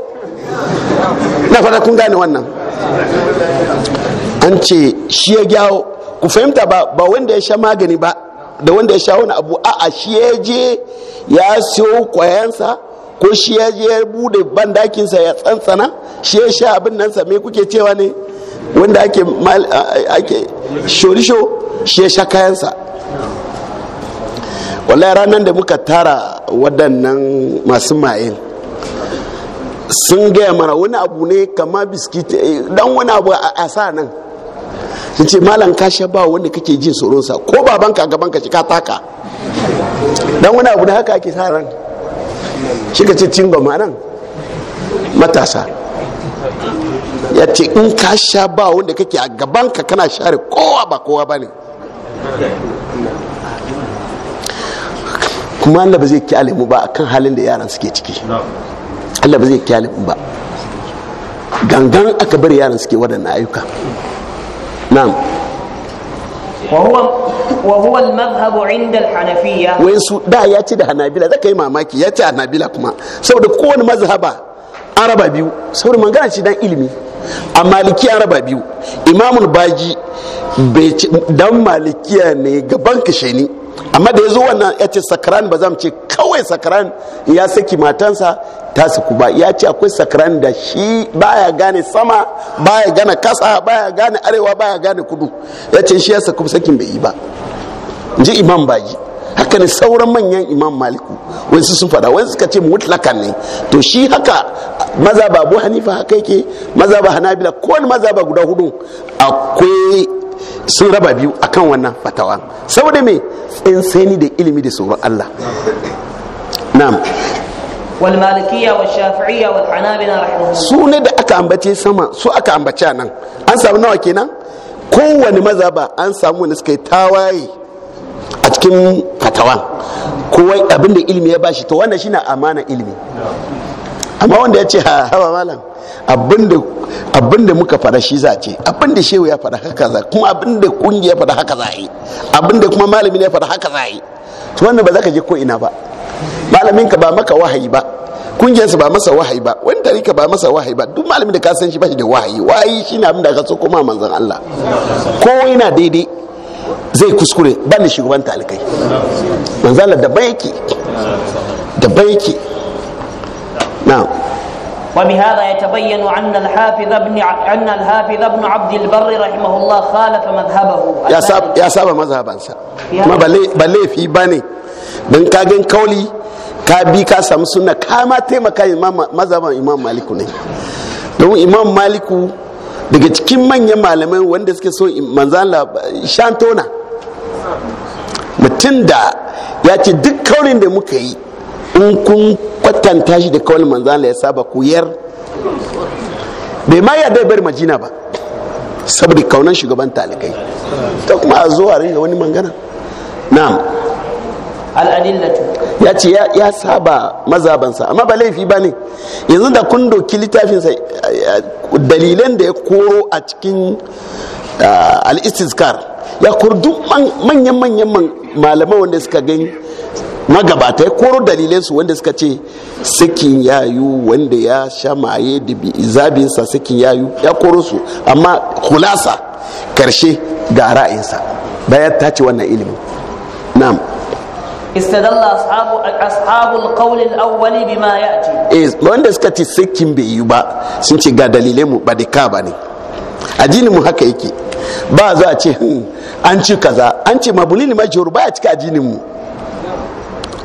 na fara kun gane wannan an ce shi ya gyawo ku fahimta ba ba wanda ya sha magani ba da wanda ya sha wani abu a shi ya je ya siyo kwayansa ko shi ya je ya bude bandakinsa ya tsantsana shi ya sha abin nan sa me kuke cewa ne wanda ake ake shorisho shi ya sha kayansa wallahi ranar da muka tara waɗannan masu mayin sun gaya mana wani abu ne kama biskit eh, dan wani abu a sa nan sai ce malam ka sha ba wanda kake jin tsoronsa ko babanka banka shi ka taka dan wani abu da haka ake sa ran shi ka ce cingoma nan matasa ya ce in ka sha ba wanda kake a gaban ka kana share kowa ba kowa ba ne kuma Allah ba zai kyale mu ba akan halin da yaran suke ciki Allah ba zai kyale mu ba gangan aka bar yaran suke waɗannan ayyuka na'am wa huwa al-madhhab 'inda al da ya ci da hanabila zaka yi mamaki ya ci hanabila kuma saboda kowane mazhaba an raba biyu saboda magana ci dan ilimi a malikiya raba biyu imamul baji dan malikiya ne gaban kashe ni amma da ya zo wannan ya ce sakaran ba za mu ce kawai sakaran ya saki matansa ta saku ba ya ce akwai sakaran da shi baya gane sama baya gane kasa baya gane arewa baya gane kudu ya ce shi ya saku sakin bai yi ba ji imam baji haka ne sauran manyan imam maliku wasu sun faɗa wasu suka ce mutlakan ne to shi haka maza ba hanifa haka yake maza ba hanabila kowane maza ba guda hudu akwai sun raba biyu akan wannan fatawa saboda me tsantsani da ilimi da tsoron Allah na'am wal malikiyya wal shafi'iyya wal hanabila su ne da aka ambace sama su aka ambace nan an samu nawa kenan kowane mazaba an samu wanda suka yi tawaye a cikin fatawa kowai abinda ilimi ya bashi to wannan shine amana ilimi amma wanda ya ce hawa malam abinda muka fada shi za ce abinda shehu ya fada haka za kuma abinda kungiya ya fada haka za yi abinda kuma malami ya fada haka za yi to wannan ba za ka je ko ina ba malamin ka ba maka wahayi ba kungiyarsa ba masa wahayi ba wani tarika ba masa wahayi ba duk malamin da ka san shi ba shi da wahayi wahayi shi na da ka so kuma manzon Allah ko yana daidai zai kuskure ba ni shugaban talikai manzala da yake da yake نعم وبهذا يتبين أن الحافظ ابن أن الحافظ ابن عبد البر رحمه الله خالف مذهبه يا ساب يا ساب مذهب أنسى ما بلي بلي في بني من كاجن كولي كابي كاسم سنة كما تيما كاي مذهب إمام مالك ne don imam maliku daga cikin manyan malamai wanda suke so manzala shantona mutum da ya ce duk kaurin da muka yi in kun kwatanta shi da kawai manzan ya saba ku yar bai ma yarda majina ba saboda kaunan shugaban talibai ta kuma a zo a ringa wani mangana na ya ce ya saba mazabansa amma ba laifi ba ne yanzu da kun doki littafinsa dalilan da ya koro a cikin al'istiskar ya koro duk manyan-manyan malamai wanda suka gani magabata ya koro dalilinsu wanda suka ce sakin yayu wanda ya sha maye da zabinsa sakin yayu ya koro su amma hulasa karshe ga ra'ayinsa bayan ta ce wannan ilimin na'am استدل اصحاب اصحاب القول الاول بما ياتي eh wanda suka ce sakin bai yi ba sun ce ga dalilai mu ba da ka ba ne ajini mu haka yake ba za a ce hmm, an ci kaza an ce mabulin majhur ba ya cika ajinin mu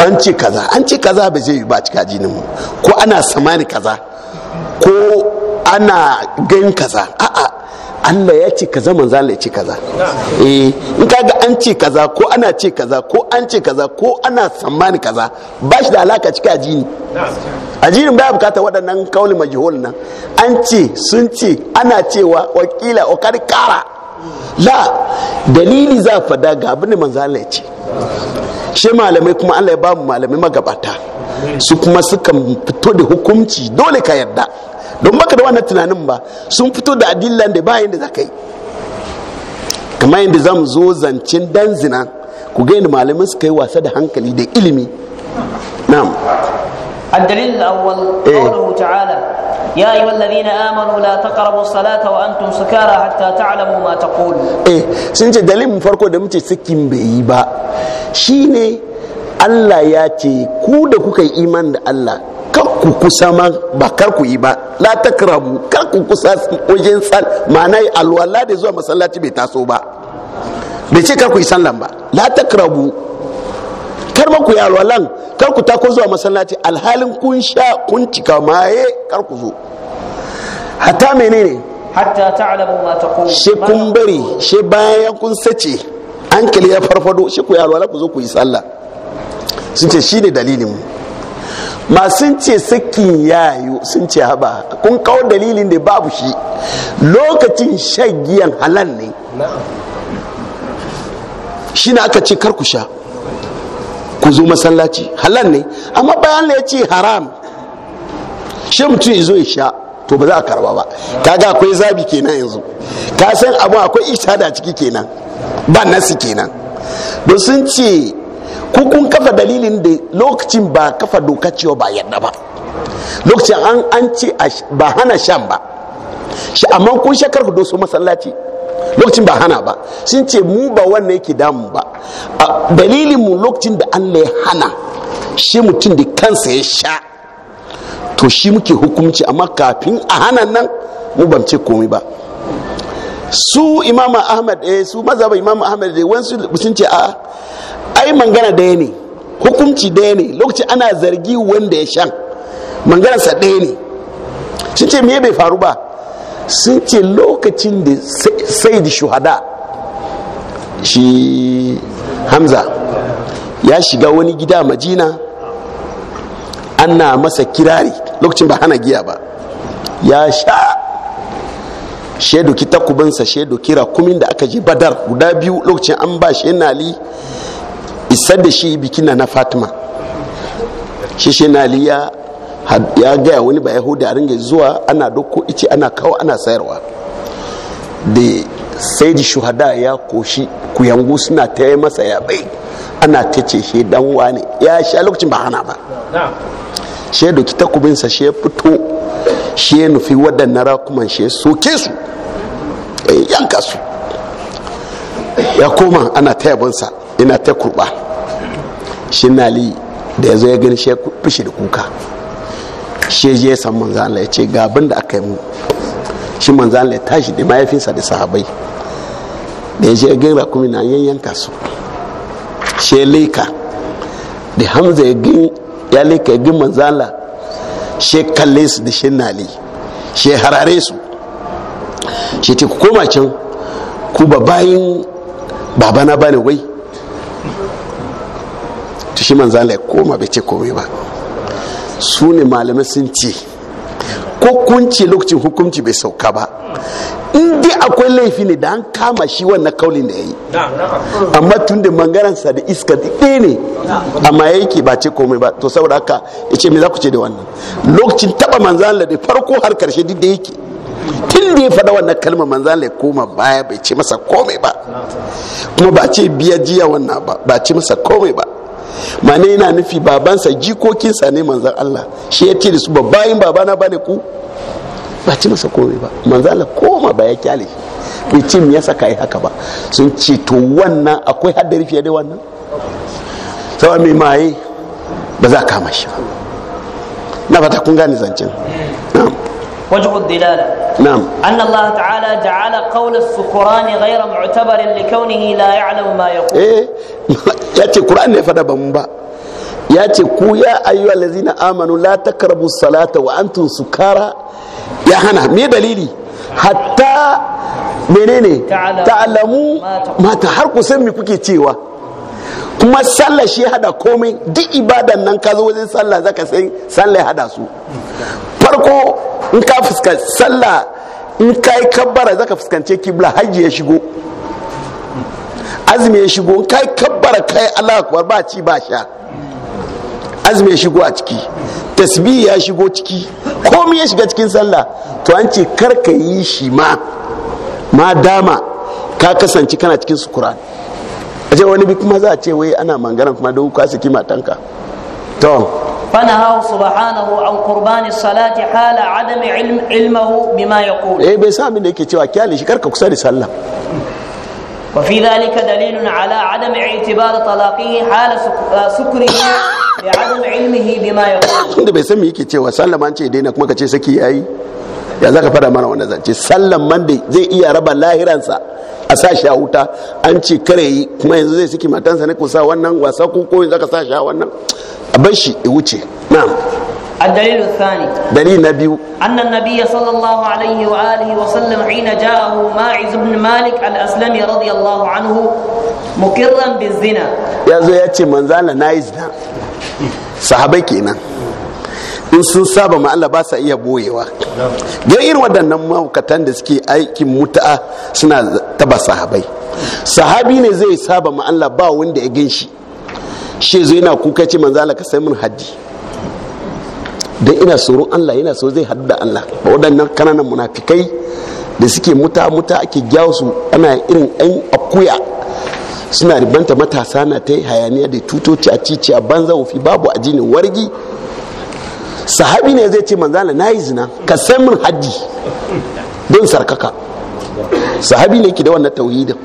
an ce kaza an ce kaza ba zai yi ba cika jinin mu ko ana samani kaza ko ana gan kaza a'a Allah ya ce kaza manzo Allah ya ce kaza eh in kaga an ce kaza ko ana ce kaza ko an ce kaza ko ana tsammani kaza ba shi da alaka cika ajini ajinin baya bukata waɗannan kauli majhul nan an ce sun ce ana cewa wakila wa kara la dalili za fada ga abin da manzo Allah ya ce shi malamai kuma Allah ya ba mu malamai magabata su kuma sukan fito da hukunci dole ka yarda don baka da wannan tunanin ba sun fito da adillan da bayan da za ka yi kamar yadda zamu zo zancen danzina ku ga yadda malamai suka yi wasa da hankali da ilimi na'am الدليل الأول قوله تعالى يا أيها الذين آمنوا لا تقربوا الصلاة وأنتم سكارى حتى تعلموا ما تقولون إيه سنجة دليل من فرقه دمت سكين بيبا شيني Allah ya ce ku da kuka yi iman da Allah kar ku kusa ma ba kar ku yi ba la takrabu kar ku kusa wajen sal ma'ana alwala da zuwa masallaci bai taso ba bai ce kar ku yi sallan ba la takrabu kar ma ku yi alwalan kar ku tako zuwa masallaci alhalin kun sha kun cika maye kar ku zo hatta menene hatta ta'lamu ma taqulu shi kun bari shi bayan kun sace hankali ya farfado shi ku yaro wala ku zo ku yi sallah sun ce shine dalilin mu ma sun ce sakin yayo sun ce haba kun kawo dalilin da babu shi lokacin shagiyan giyan halal ne shi ne aka ce kar ku sha ku zo masallaci halal ne amma bayan ya ce haram shi mutum ya zo ya sha to ba za a karba ba kaga akwai zabi kenan yanzu ka san abu akwai ishada a ciki kenan ba nasi kenan don sun ce ko kun kafa dalilin da lokacin ba kafa doka cewa ba yadda ba lokacin an an ce ba hana shan ba shi amma kun shakar ku su masallaci lokacin ba hana ba sun ce mu ba wannan yake damu ba dalilin mu lokacin da Allah ya hana shi mutum da kansa ya sha to shi muke hukunci amma kafin a hana nan mu bance komai ba su imam ahmad eh su mazhaba imam ahmad dai wansu sun ce a ai mangana daya ne hukumci daya ne lokaci ana zargi wanda ya shan manganarsa daya ne sun ce me bai faru ba sun ce lokacin da sai da shuhada shi hamza ya shiga wani gida majina ana masa kirari lokacin ba hana giya ba ya sha shaidu takubinsa shaidu kira da aka je badar guda biyu lokacin an ba shi nali isar da shi bikina na fatima shi shi nali ya ya gaya wani ba yahudi a ringa zuwa ana doko ice ana kawo ana sayarwa da sai shuhada ya koshi kuyangu suna ta yi masa bai ana ta ce shi dan wane ya sha lokacin ba hana ba shi ya doki takubinsa shi ya fito shi ya nufi waɗannan rakuman shi ya soke su yanka su ya koma ana ta yabonsa ina ta kurba shi nali da ya zo ya gani shi ya fushi da kuka shi je san manzo Allah ce ga abin da aka yi mu shi manzo Allah tashi da mahaifinsa da sahabai da ya je gani rakumi na yanka su shi laika da hamza ya gani ya leka ya manzala shi kalle su da shi nali shi harare su shi te koma can ku ba bayin babana ba ne wai to shi manzala ya koma bai ce komai ba su ne malamai sun ce ko kunci lokacin hukunci bai sauka ba in dai akwai laifi ne da an kama shi wannan kaulin da ya yi amma tun da mangaransa da iska ɗaya ne amma ya yake ba ce komai ba to saboda haka ya ce me za ku ce da wannan lokacin taɓa manzan da farko har karshe duk da yake tun da ya faɗa wannan kalmar manzan ya koma baya bai ce masa komai ba kuma ba ce biya jiya wannan ba ba ce masa komai ba ma'ana yana nufi babansa jikokinsa ne manzan Allah shi ya ce da su babbayin babana ba ne ku ba ci masa komai ba manzan Allah koma ba ya kyale bai ce ya saka yi haka ba sun ce to wannan akwai haddari fiye da wannan sawa mai maye ba za kama shi ba na fata kun gane zancen na'am وجه الدلالة نعم أن الله تعالى جعل قول السكران غير معتبر لكونه لا يعلم ما يقول ya ce Qur'an ne fada ba mu ba ya ce ku ya lazi na amanu la takrabu salata wa su sukara ya hana me dalili hatta menene ta'alamu mata har ku san me kuke cewa kuma sallah shi hada komai duk ibadan nan ka zo wajen sallah zaka san sallah hada su farko in ka fuskanci sallah in ka yi kabbara zaka fuskance kibla hajji ya shigo azumi ya shigo kai kabbara kai Allah akbar ba ci ba sha azumi ya shigo a ciki tasbihi ya shigo ciki komai ya shiga cikin sallah to an ce kar ka yi shi ma ma dama ka kasance kana cikin sukura a ce wani bi kuma za a ce wai ana mangaran kuma da ka ki matanka to فنهاه سبحانه عن قربان الصلاة حال عدم علم علمه بما يقول. da yake cewa ديكي shi karka kusa da sallah وفي ذلك دليل على عدم اعتبار طلاقه حال سكره بعدم علمه بما يقول da bai san me yake cewa sallaman ce daina kuma ka ce yayi ya zaka fada mana wannan zance sallaman da zai iya raba lahiransa a sa shi a wuta an ce kare yi kuma yanzu zai saki matansa ne ku sa wannan wasa ko ko yanzu ka a wannan a bar shi ya wuce na. الدليل الثاني دليل نبي أن النبي صلى الله عليه وآله وسلم حين جاءه ماعز بن مالك الأسلمي رضي الله عنه مقرا بالزنا يا زو يا من زال نايزنا صحابي كينا in sun saba ma Allah ba sa iya boyewa don irin waɗannan mahaukatan da suke aikin muta'a suna taba sahabai sahabi ne zai saba ma Allah ba wanda ya gan shi shi zai na kuka ce manzala ka sai mun haddi da ina tsoron Allah yana so zai haɗu da Allah waɗannan kananan munafikai da suke muta muta ake gyawo su ana irin ɗan akuya suna ribanta matasa na ta hayaniya da tutoci a cici a banza wufi babu a jini wargi sahabi ne zai ce manzana na yi zina ka sai min haddi don sarkaka sahabi ne ke da wannan tauhidin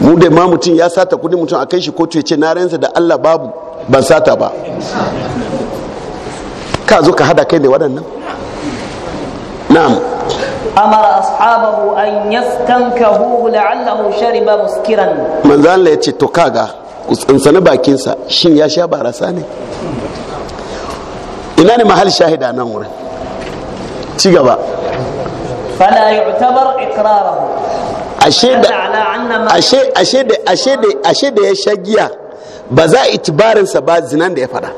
mu da ma mutum ya sata kudin mutum a kai shi kotu ya ce na da allah babu ban sata ba ka zo ka hada kai da waɗannan na'am amara ashabahu an yastankahu la'allahu shariba muskiran manzo Allah yace to kaga ga? tsantsani bakin sa shin ya sha barasa ne ina ne mahal shahida nan wurin ci gaba fala yu'tabar iqrarahu ashe da ashe ashe da ashe da ashe da ya shagiya ba za itibarinsa ba zinan da ya fada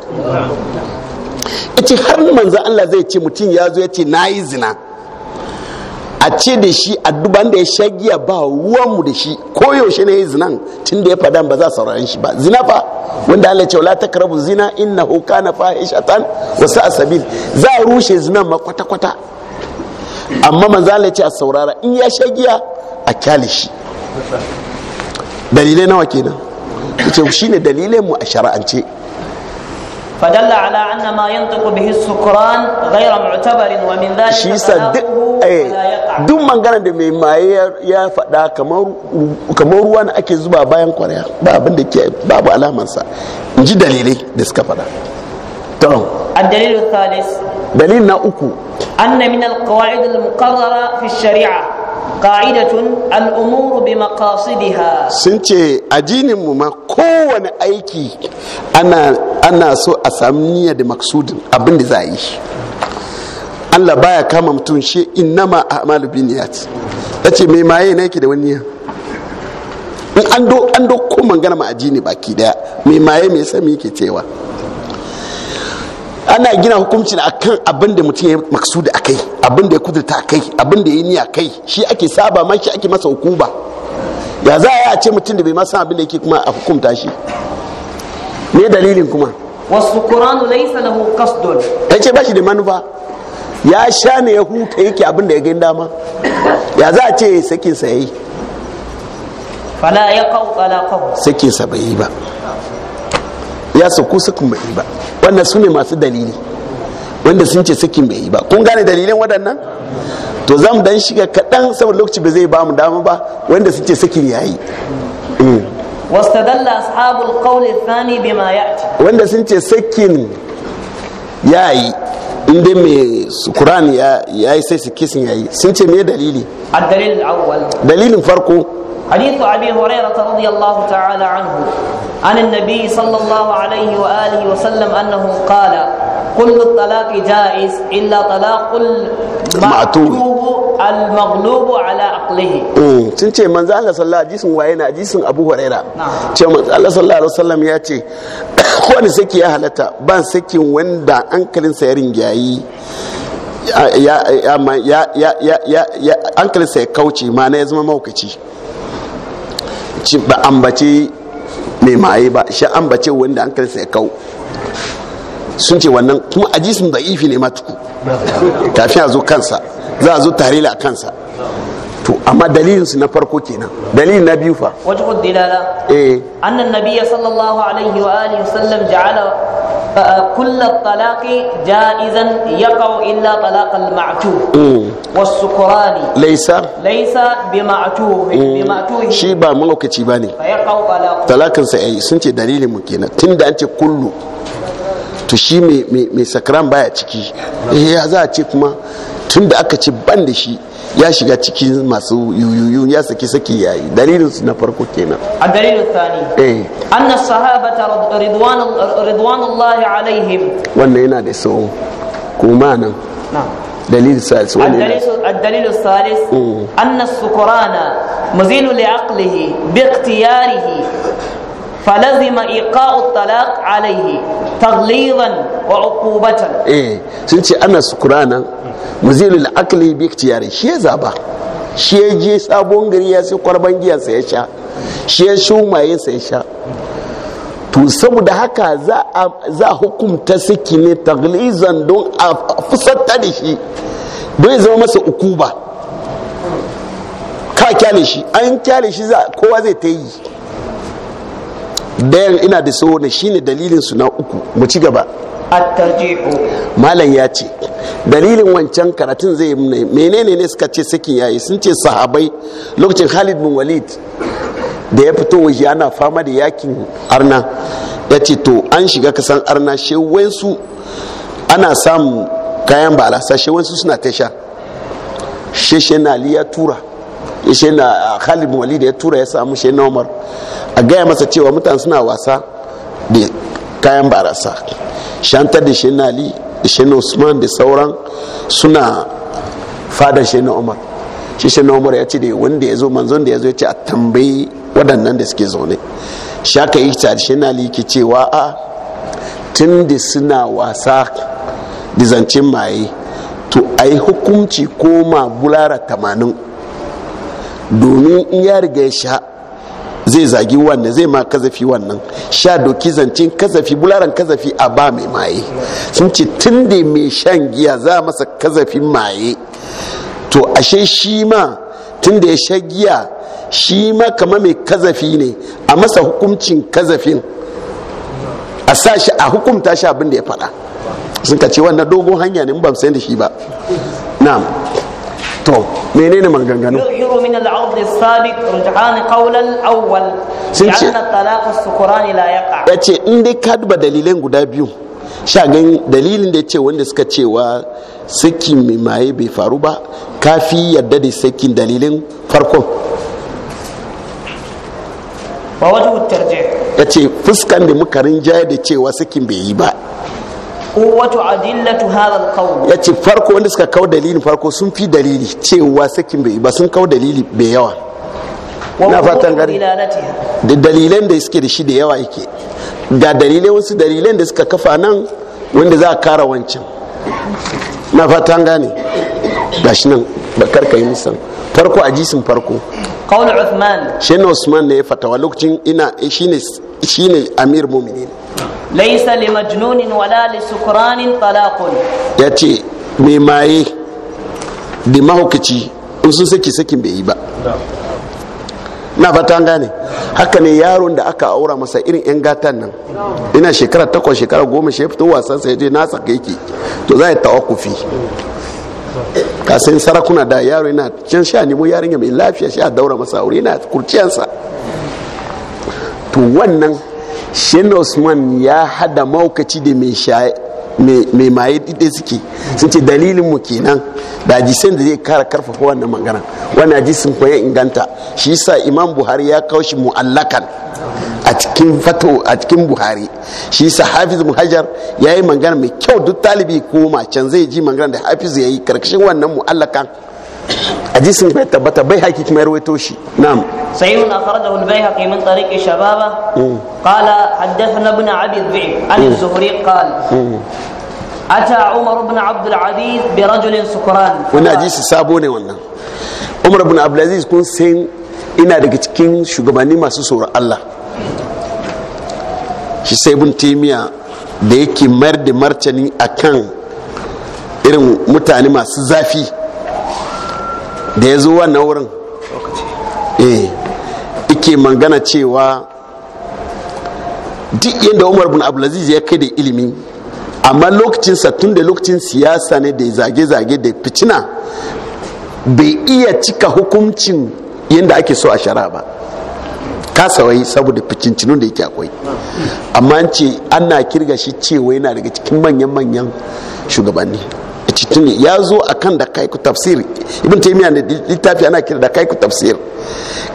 ita har manzo Allah zai ce mutum ya zo ya ce na yi zina a ce da shi a duban da ya sha giya ba mu da shi ko yaushe ne ya zinan tun da ya fada ba za a shi ba zina fa wanda Allah ce wala takrabu zina in na fahishatan wa sa'a sabil za a rushe zinan ma kwata kwata amma manzo Allah ce a saurara in ya sha giya a kyale shi dalilai nawa kenan ce shine dalilai mu a shari'ance. فدل على أن ما ينطق به السكران غير معتبر ومن ذلك shi yasa duk eh, duk magana da mai maye ya faɗa kamar ruwa na ake zuba bayan kwarya ba abin da ke babu alamansa in ji dalilai da suka faɗa الدليل الثالث دليل أكو أن من القواعد المقررة في الشريعة ƙa'idatun al'umuru bi maqasidiha sun ce ajinin mu ma kowane aiki ana so a sami niyyar da maksudin abin da za a yi Allah baya kama mutum shi innama a'malu binniyat yace me maye na yake da wani niyya in an do kuma gana ma ajini baki daya me maye me sami yake cewa ana gina hukuncin akan abin da mutum ya maksudi a kai abin da ya kudurta a kai abin da ya yi a kai shi ake saba ma shi ake masa hukuma. ya za a ce mutum da bai masa abin da yake kuma a hukumta shi me dalilin kuma wasu kuranu laisa lahu qasdun ta ba shi da manufa ya sha ne ya huta yake abin da ya gani dama ya za a ce sakin sa yayi fala yaqau sakin sa bai yi ba ya sauko sakin bai yi ba wannan su ne masu dalili wanda sun ce sukin bai yi ba kun gane dalilin waɗannan to zan dan shiga kaɗan saboda lokaci ba zai ba mu dama ba wanda sun ce sukin ya yi mm. wanda sun ce sukin ya yi inda mai sukurani ya yi sai su kisin ya yi sun ce me dalili dalilin farko حديث أبي هريرة رضي الله تعالى عنه عن النبي صلى الله عليه وآله وسلم أنه قال كل الطلاق جائز إلا طلاق المعتوب المغلوب على عقله sun من زال صلى الله عليه وسلم waye na hadisin Abu Huraira ce manzo Allah sallallahu alaihi wasallam ya ce wani saki ya halatta ban sakin wanda ankalinsa ya ringayi ya ya ya ya ya ankalinsa ya kauce ma na ya zama maukaci ci ba ambace mai maye ba shi ambace wanda an kalsa ya kawo sun ce wannan kuma ajisun da ifi ne matuku kafin a zo kansa za a zo tare a kansa to amma dalilin su na farko kenan dalilin na biyu fa wajibu dilala eh annan nabiyya sallallahu alaihi wa alihi wasallam ja'ala كل الطلاق جائزا يقع الا طلاق المعتوه والسكران ليس ليس بمعتوه بمعتوه شي با ملوكتي باني فيقع طلاق طلاق سأي سنتي دليل ممكن تند انت كله to shi mai sakran baya ciki ya za a ce kuma tun da aka ce ban da shi ya shiga cikin masu yuyuyu ya saki saki yi dalilin su na farko kenan a dalilin Sani? eh anna sahabata ridwanullahi alaihim wannan yana da so kuma nan dalil salis mazinu الدليل الثالث أن السكران مزين لعقله باختياره فلزم إيقاع الطلاق عليه تغليظا وعقوبة إيه سنتي أنا سكرانا muzilu akli bi ikhtiyari shi ya zaba shi ya je sabon gari ya sai kwarban giya sai ya sha shi ya shumaye sai ya sha to saboda haka za a hukumta saki ne taglizan don a fusatta da shi don zama masa ukuba ka kyale shi an kyale shi za kowa zai ta yi dayan ina da shi ne shine dalilin su na uku mu ci gaba malam ya ce dalilin wancan karatun zai menene ne suka ce sakin yayi sun ce sahabai lokacin Khalid bin Walid da ya fito waje ana fama da yakin arna ya ce to an shiga kasan arna shewensu ana samun kayan balasa shewensu suna tasha sheshe na ali ya tura na Khalid bin Walid ya tura ya samu shi Umar a gaya masa cewa mutane suna wasa da kayan barasa shantar da shi ali da usman da sauran suna fadar shaidan umar shi shaidan umar ya ce da wanda ya zo manzon da ya zo ya ce a tambayi waɗannan da suke zaune shaka yi ta shaidan ali ke cewa a tun da suna wasa da zancen maye to a yi hukunci koma bulara tamanin domin in ya riga ya sha zai zagi wannan zai ma kazafi wannan sha doki zancen kazafi bularan kazafi a ba mai maye sun ce tun da mai shan giya za masa kazafin maye to ashe shi ma tun da ya sha giya shi ma kama mai kazafi ne a masa hukuncin kazafin a sa shi a hukumta shi abin ya faɗa sun ka ce wannan dogon hanya ne ba mu da shi ba na'am to menene maganganu yuhiru min al-ard as sabit rujhan qawl al-awwal anna talaq as-sukran la yaqa yace in dai ka duba dalilan guda biyu sha gan dalilin da yace wanda suka cewa sakin mai maye bai faru ba kafi yadda da sakin dalilin farko ba wajhu at-tarjih yace fuskan da muka rinjaye da cewa sakin bai yi ba quwwatu adillatu hadha alqawl yace farko wanda suka kawo dalili farko sun fi dalili cewa sakin bai ba sun kawo dalili bai yawa na fatan gari da dalilan da suke da shi da yawa yake ga dalile wasu dalilan da suka kafa nan wanda za a kara wancan na fatan gane gashi nan bakar yi musan farko a jisin farko kawul uthman shi ne usman ne ya fatawa lokacin ina shi ne amir mu'minin laisa li majnunin wala li sukuranin talaqun ya ce mai maye da mahaukaci in sun saki sakin bai yi ba na fata gane haka ne yaron da aka aura masa irin yan gatan nan ina shekara takwas shekara goma shi fito wasan sai je na saka yake to za ya tawakufi kasan sarakuna da yaro yana can sha nemo yarinya mai lafiya sha daura masa aure yana kurciyansa to wannan shin usman ya hada maukaci da mai maye da suke sun ce dalilin mu kenan da hadisin da zai kara karfafa wannan magana wannan hadisin ko ya inganta shi yasa imam buhari ya kawo shi mu'allakan a cikin fato a cikin buhari shi yasa hafiz muhajar ya yi magana mai kyau duk talibi ko macen zai ji magana da hafiz ya yi karkashin wannan mu'allakan hadisin bai tabbata bai haƙi kuma yarwaito shi na'am sahihun akhrajahu al-baihaqi min tariq shababa hmm. qala haddathana ibn abi dhi'b an az-zuhri qala أتى عمر بن عبد العزيز برجل سكران وانا جيش سابوني وانا عمر بن عبد العزيز kun سين ina daga cikin shugabanni masu tsoron Allah shi sai ibn timiya da yake mayar da martani akan irin mutane masu zafi da ya zo wannan wurin eh ike mangana cewa duk yadda umar bin abdulaziz ya kai da ilimi amma lokacinsa tun da lokacin siyasa ne da zage-zage da ficina bai iya cika hukuncin yadda ake so a shara ba kasawai saboda ficincinun da yake akwai amma an ce ana kirga shi cewa yana daga cikin manyan-manyan shugabanni lokaci ya zo a kan da ku tafsir ibn taimiyya ne littafi ana kira da ku tafsir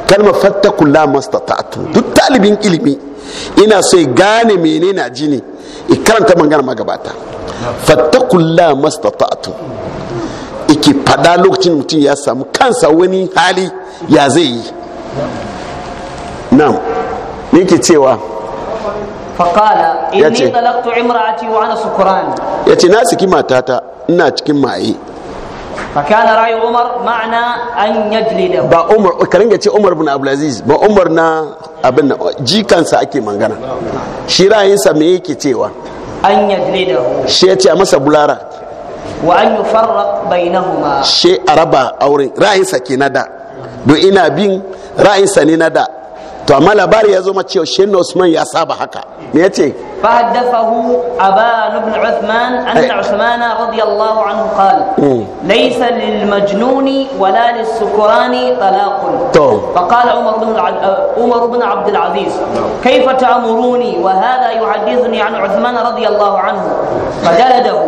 kalma fattakulla atu duk talibin ilimi ina so gane na menene in karanta magana magabata fattakulla mastata'tu ike fada lokacin mutum ya samu kansa wani hali ya zai yi na yake cewa faƙala inni talaqtu imra'ati wa ana sukran yace na saki matata ina cikin maye fakana rayu umar ma'ana an yajlida ba umar ka ringa ce umar bin abdulaziz ba umar na abin jikansa ake mangana shi ra'ayinsa me yake cewa an yajlida shi ya ce a masa bulara wa an yi yufarraq bainahuma shi araba auren ra'ayinsa ke na da don ina bin ra'ayinsa ne na da to amma labari ya zo ma cewa na Usman ya saba haka me yace fa haddathahu aban ibn Uthman anna Uthman radiyallahu anhu qala laysa lil majnuni wala lis sukrani talaq to fa qala Umar ibn Umar ibn Abd al Aziz kayfa ta'muruni wa hadha yuhaddithuni an Uthman radiyallahu anhu fa jaladahu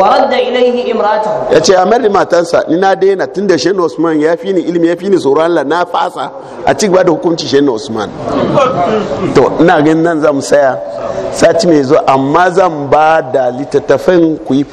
waradda ilaihi imratahu ya ce a da matansa ni na daina tun da shehu usman ya fi ni ilimi ya fi ni tsoron Allah na fasa a ci gaba da hukunci shehu usman to ina ganin nan zan saya sati mai zo amma zan ba da littattafan ku yi